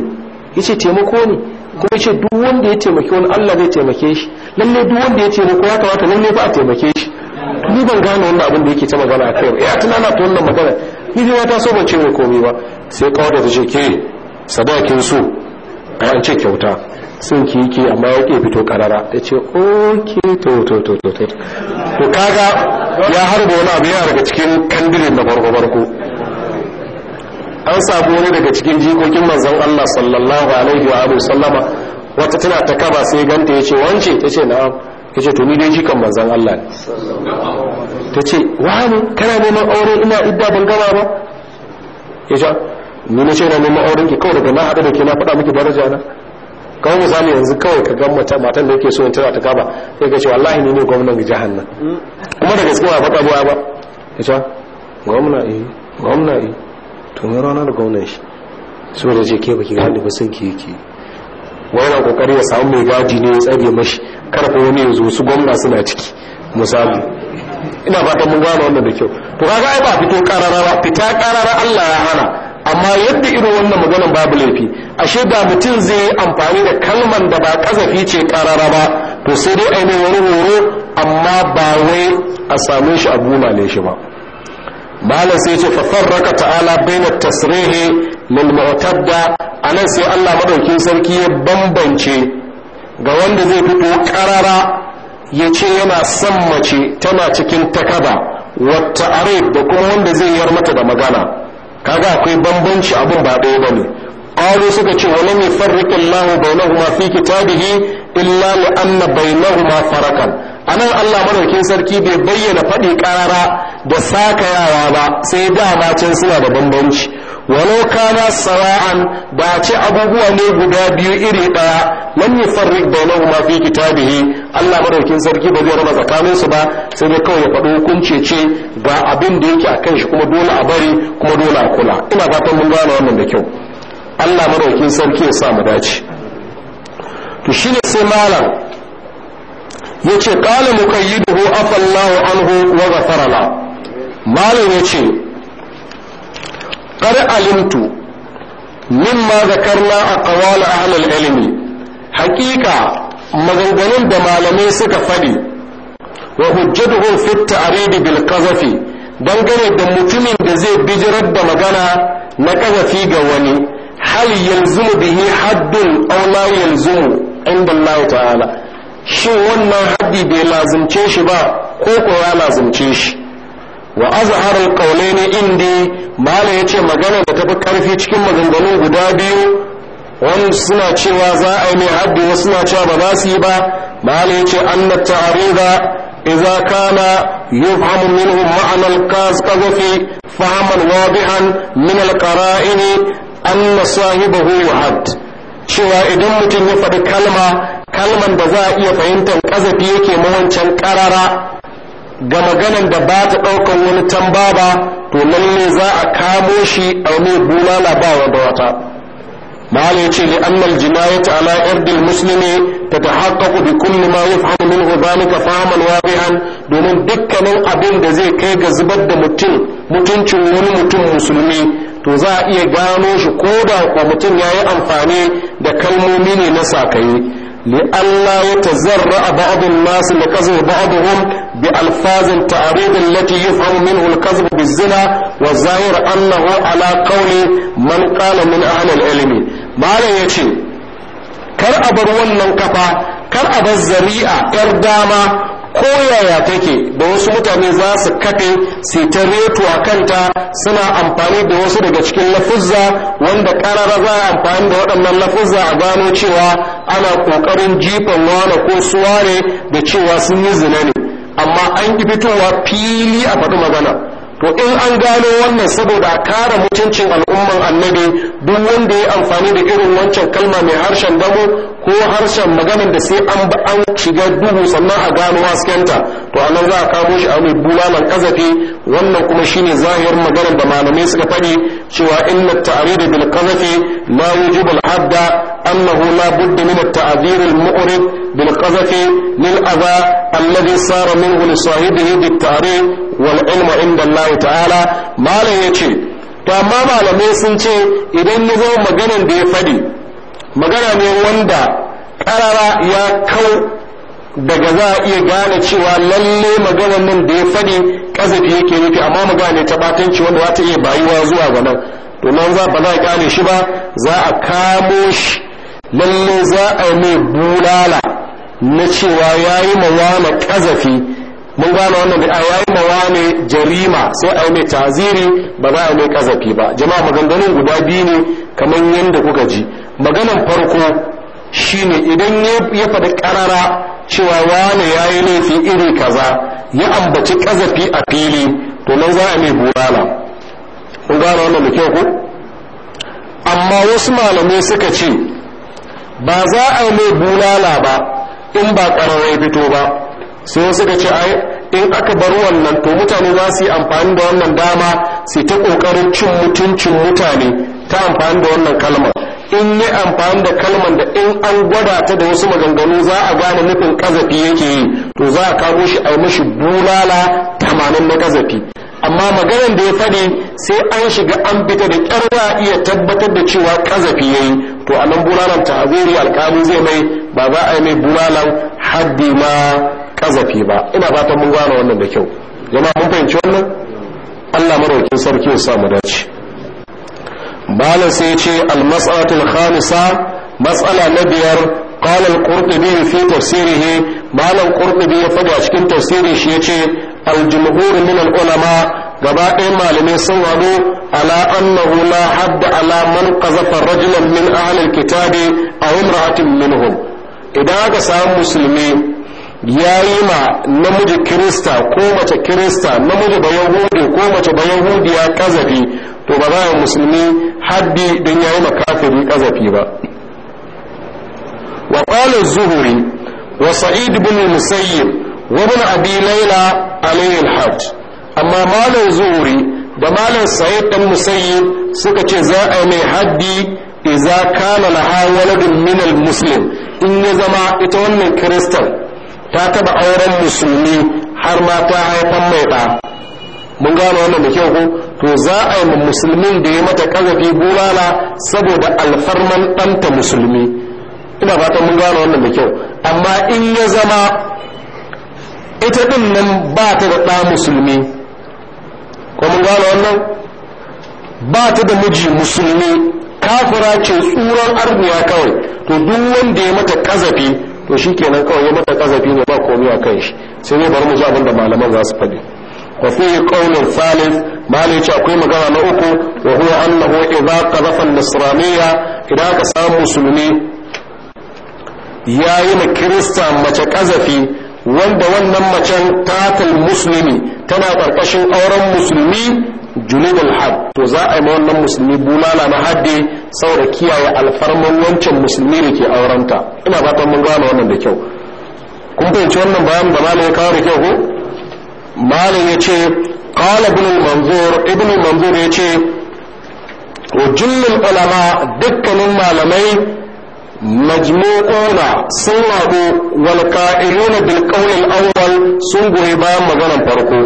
ya ce taimako ne kuma ya ce duk wanda ya taimake wani allah zai taimake shi lalle duk wanda ya taimako ya kamata lalle ba a taimake shi ni ban gane wanda abin da yake ta magana a kai ba ya eh, tunana ta wannan magana ni zai wata so ban ce mai komai ba sai kawai da ta ce ke sadakin so an ce kyauta son kike amma ya ke fito karara ya ce oke to to to to to kaga ya harba wani abu yana daga cikin kandilin da farko farko an samu wani daga cikin jikokin manzon Allah sallallahu alaihi wa alihi sallama wata tana ta kaba sai ganta ya ce wance ta ce na'am ya ce to ni dai jikan manzon Allah ne ta ce wani kana neman aure ina idda ban gama ba ya ce ni na ce na neman auren ki kawai daga na haɗu da ke na faɗa miki daraja na kawai misali yanzu kawai ka gan matan da yake so in ta kaba sai ka ce wallahi ni ne gwamnan jahannan kuma da gaske ba faɗa ba ba ya ce gwamna eh gwamna eh to me rana da gwamna shi so da ce ke baki gani ba sun ke yake kokari ya samu mai gadi ne ya tsage mashi karfa wani yanzu su gwamna suna ciki misali ina fatan mun gane wannan da kyau to kaga ai ba fito karara ba fita karara Allah ya hana amma yadda irin wannan maganan babu laifi ashe da mutum zai yi amfani da kalman da ba kazafi ce karara ba to sai dai ainihin wani horo amma ba wai a same shi a ne shi ba malam sai ce raka ta'ala baina tasrihi lil mu'tadda anan sai Allah madaukin sarki ya bambance ga wanda zai fito karara ya ce yana son mace tana cikin takaba wata arif da kuma wanda zai yar mata da magana kaga akwai bambanci abin ba ɗaya bane qalu suka ce wala mai bai Allah ma fi kitabihi illa li anna bainahuma farakan anan Allah madaukin sarki bai bayyana fadi karara da saka yara ba sai da ma can suna da bambanci walauka na sara'an ba ce abubuwa ne guda biyu iri daya lam yufarriq bainahuma fi kitabihi Allah madaukin sarki ba zai raba tsakanin ba sai dai kawai ya faɗo hukunce ce ga abin da yake akan shi kuma dole a bari kuma dole a kula ina fatan mun gane wannan da kyau Allah madaukin sarki ya sa mu dace to shine sai malam yace qala muqayyiduhu afallahu anhu wa ghafara malam yace قد علمت مما ذكرنا أقوال أهل العلم حقيقة maganganun da malamai suka faɗi wa hujjatuhum fi ta'rib bil qazafi dangane da mutumin da zai bijirar da magana na ƙazafi ga wani hal yalzumu bihi haddun aw la inda Allah ta'ala shin wannan haddi bai lazumce shi ba ko ko ya lazumce shi wa azharul ne indi mala yace magana da tafi karfi cikin maganganu guda biyu wani suna cewa za a yi mai haddi wasu suna cewa ba za su yi ba mala yace anna ta'arida idza kana yufhamu minhu ma'na al-qazfi fahman wadihan min al-qara'in anna sahibahu yuhad cewa idan mutum ya faɗi kalma kalman da za a iya fahimtar kazafi yake mawancan ƙarara ga maganan da ba ta ɗaukar wani tamba ba to lalle za a kamo shi a wani bulala ba wa da wata mahala ya ce li annal jinayatu ala irdil muslimi ta ta haƙaƙu bi kulli ma yi fahimu min ka fahiman wadihan domin dukkanin abin da zai kai ga zubar da mutum mutuncin wani mutum musulmi to za a iya gano shi ko da mutum ya yi amfani da kalmomi ne na sakaye لئلا يتزرع بعض الناس لكذب بعضهم بألفاظ التعريض التي يفهم منه الكذب بالزنا وظاهر أنه على قول من قال من أهل العلم ما لا يتي كر أبر ونن كفا كر أبر زريعة إرداما koyaya take da wasu mutane za su kafe su ta reto a kanta suna amfani da wasu daga cikin lafuzza wanda karara za a amfani da waɗannan lafuzza a gano cewa ana ƙoƙarin jifan wane ko suware da cewa sun yi zina ne amma an ƙi fitowa fili a faɗi magana to in an gano wannan saboda kare mutuncin al'umman annabi duk wanda ya amfani da irin wancan kalma mai harshen damo ko harshen maganin da sai an ba an shiga duhu sannan a gano haskenta to a nan za a kawo shi a mai bulalan kazafi wannan kuma shine zahirin maganar da malamai suka faɗi cewa inna ta'rid bil qazafi la yujibu al hadda annahu la budda min at ta'zir al mu'rid بالقذف للأذى الذي صار منه لصاحبه بالتعريف والعلم عند الله تعالى ما لا يجي amma malamai sun ce idan ya zama maganan da ya faɗi magana ne wanda ƙarara ya kau daga za a iya gane cewa lalle maganan nan da ya faɗi ƙazafi yake rufe amma magana ne ta batanci wanda za ta iya bayuwa zuwa ga nan to nan ba za a gane shi ba za a kamo shi lalle za a mai bulala na cewa ya yi mawana kazafi mun gane wannan da ya yi mawane jarima sai a yi mai taziri ba za a mai kazafi ba jama'a maganganun guda biyu ne kamar yadda kuka ji maganan farko shine idan ya faɗi ƙarara cewa wane ya yi laifi iri kaza ya ambaci kazafi a fili to nan za a mai bulala kun gane wannan da kyau ko amma wasu malamai suka ce ba za a mai bulala ba in ba ya fito ba sai suka ce ai in aka bar wannan to mutane za su yi amfani da wannan dama su ta ƙoƙarin cin mutuncin mutane ta amfani da wannan kalmar in yi amfani da kalmar da in an gwada ta da wasu maganganu za a gane nufin kazafi yake yi to za a kawo shi a mashi bulala tamanin na kazafi amma maganar da ya faɗi sai an shiga an fita da ƙyar za a iya tabbatar da cewa ƙazafi ya yi to a nan bulalan ta'aziri alƙali zai mai ba za a yi mai bulalan haddi ma ƙazafi ba ina fatan mun gane wannan da kyau jama'a mun fahimci wannan allah maraukin sarki ya samu dace malam sai ce almas'alatul khamisa matsala na biyar قال القرطبي في تفسيره ما ya قرطبي a cikin tafsirin shi yace الجمهور من العلماء gaba ɗaya malamai sun haɗu ala annahu la hadda ala man qazafa rajulan min ahlil kitabi aw imra'atin minhum idan aka samu musulmi ya yi ma namiji kirista ko mace kirista namiji ba yahudi ko mace ba ya kazafi to ba za a musulmi haddi don ya yi ma kafiri kazafi ba wa qala zuhuri wa sa'id bin musayyib وابن أبي ليلى عليه الحد amma مال زوري da malam sa'id dan musayyib suka ce za a yi mai haddi idza kana laha waladun min minal muslim in ya zama ita wannan kiristan ta taba auren musulmi har ma ta haifan mai ɗa mun gano wannan da kyau ko to za a yi musulmin da ya mata kazafi bulala saboda alfarman ɗanta musulmi ina fatan mun gano wannan da kyau amma in ya zama ita ɗin nan ba ta da ɗa musulmi ko mun gano wannan ba ta da miji musulmi kafira ce tsuron arniya kawai to duk wanda ya mata kazafi to shi kenan kawai ya mata kazafi ne ba komai a kai shi sai ne bari mu ji abin da malaman za su faɗi wa fi salis thalith malai ce akwai magana na uku wa huwa annahu idza qadafa an idan ka samu musulmi yayi na kirista mace kazafi wanda wannan macen tatal musulmi tana ƙarƙashin auren musulmi junubul had to za a yi ma wannan musulmi bulala na haddi saboda kiyaye alfarman wancan musulmi da ke aurenta ina fatan mun gane wannan da kyau kun fahimci wannan bayan da malam ya kawo da kyau ko malam ya ce qala ibn manzur ibn manzur ya ce wa jumlul ulama dukkanin malamai majmu'una sun haɗu wal qa'iluna bil qawl awwal sun goyi bayan maganar farko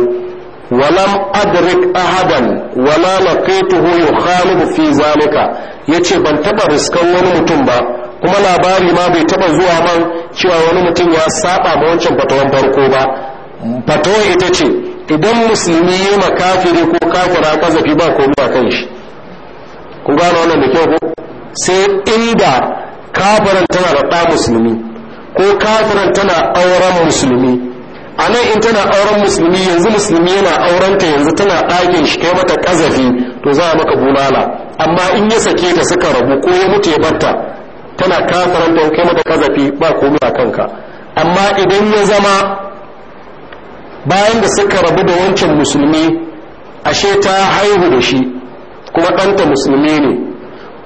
walam adrik ahadan wala laqituhu yukhalifu fi zalika yace ban taba riskan wani mutum ba kuma labari ma bai taba zuwa man cewa wani mutum ya saba ma wancan fatawan farko ba fatawa ita ce idan musulmi ya makafiri ko kafira kazafi ba komai a kan shi ku gane wannan da kyau ko sai inda kafiran tana da ɗa musulmi ko kafiran tana auren musulmi a nan in tana auren musulmi yanzu musulmi yana aurenta yanzu tana ɗakin shi kai mata ƙazafi to za a maka bulala amma in ya sake ta suka rabu ko ya mutu ya bata tana kafiran ta kai mata ƙazafi ba komai a kanka amma idan ya zama bayan da suka rabu da wancan musulmi ashe ta haihu da shi kuma ɗanta musulmi ne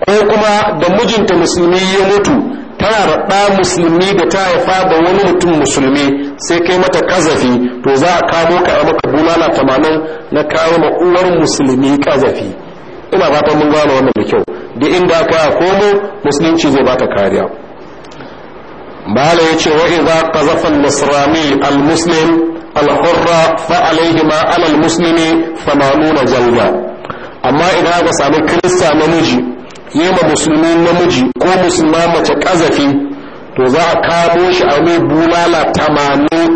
ko kuma da mijinta musulmi ya mutu tana da ɗa musulmi da ta haifa da wani mutum musulmi sai kai mata kazafi to za a kamo ka a maka bulala tamanin na kawo ma uwar musulmi kazafi ina fatan mun gane wannan da kyau da inda aka yi komo musulunci zai bata kariya bala ya ce wa idza qazafa al-nasrani al-muslim al-hurra fa alayhi ma ala al-muslimi 80 jalda amma idan aka sami kirista namiji yi ma musulmi namiji ko musulma mace kazafi to za a kamo shi a mai bulala tamanin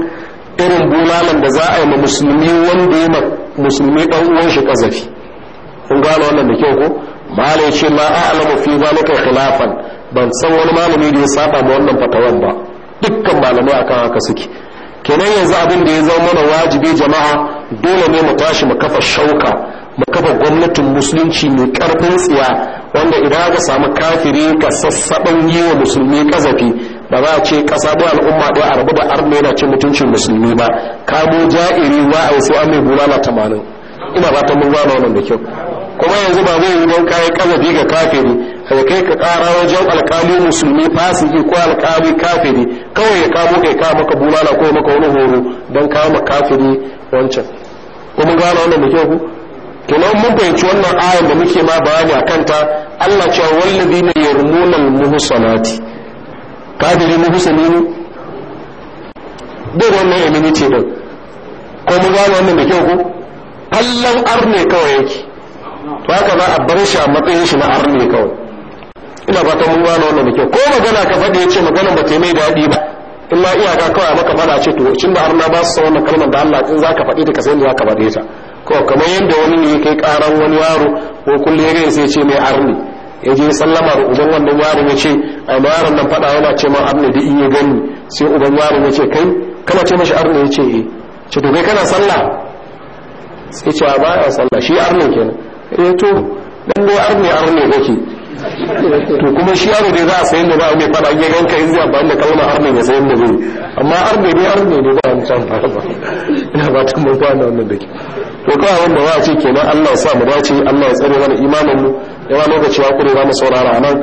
irin bulalan da za a yi ma musulmi wanda ya ma musulmi dan uwan shi kazafi kun gano wannan da kyau ko malai ce ma a'lamu fi zalika khilafan ban san wani malami da ya saba ma wannan fatawan ba dukkan malamai akan haka suke kenan yanzu abin da ya zama mana wajibi jama'a dole ne mu tashi mu kafa shauka mu kafa gwamnatin musulunci mai karfin tsiya wanda idan ka samu kafiri ka sassaɓan yi wa musulmi kazafi ba za a ce ƙasa ɗaya al'umma ɗaya a rabu da arna yana cin mutuncin musulmi ba kamo ja'iri za a yi sai an mai bulala tamanin ina ba ta mun gano wannan da kyau kuma yanzu ba zai yi don kayan kazafi ga kafiri daga kai ka ƙara wajen alƙali musulmi fasiki ko alƙali kafiri kawai ya kamo kai ka maka bulala ko maka wani horo don kama kafiri wancan kuma gano wannan da kyau ku kuma mun fahimci wannan ayar da muke ma bayani a kanta Allah cewa wallazi ne yarmunal muhsanati kadiri muhsani duk wannan ilimi ce din ko mun gano wannan da kyau ko kallon arne kawai yake to haka za a bar shi a matsayin shi na arne kawai ina ba ta mun gano wannan da kyau ko magana ka faɗi ya ce maganar ba ta mai daɗi ba in ma iyaka kawai maka faɗa ce to cin da arna ba su sa wannan kalmar da Allah in za ka faɗi ta ka san za ka faɗe ta ko kamar yadda wani ne ya kai karan wani yaro ko kulle ya gaya sai ce mai arni ya je sallama da uban wannan yaro ya ce a yaron nan faɗa yana ce ma arni da iya gani sai uban yaro ya ce kai kana ce mashi arni ya ce eh ce to kai kana sallah sai ce a baya sallah shi arni kenan eh to dan dai arni arni kake to kuma shi yaro dai za a sayan da ba mai fada ya ganka in zai amfani da kalma arne ya sayan da zai amma arne ne arne ne ba a mutan fara ba ina ba ta mun kwana wannan da ke to kawai wanda za a ce kenan Allah ya sa mu dace Allah ya tsare mana imanin mu yawa lokaci ya kure za mu saurara nan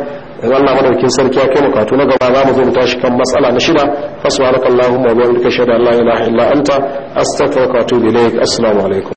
da Allah madaukin sarki ya kai mu kato na gaba za mu zo mu tashi kan matsala na shida fa subhanakallahumma wa bihamdika ashhadu an la ilaha illa anta astaghfiruka wa atubu ilaik assalamu alaikum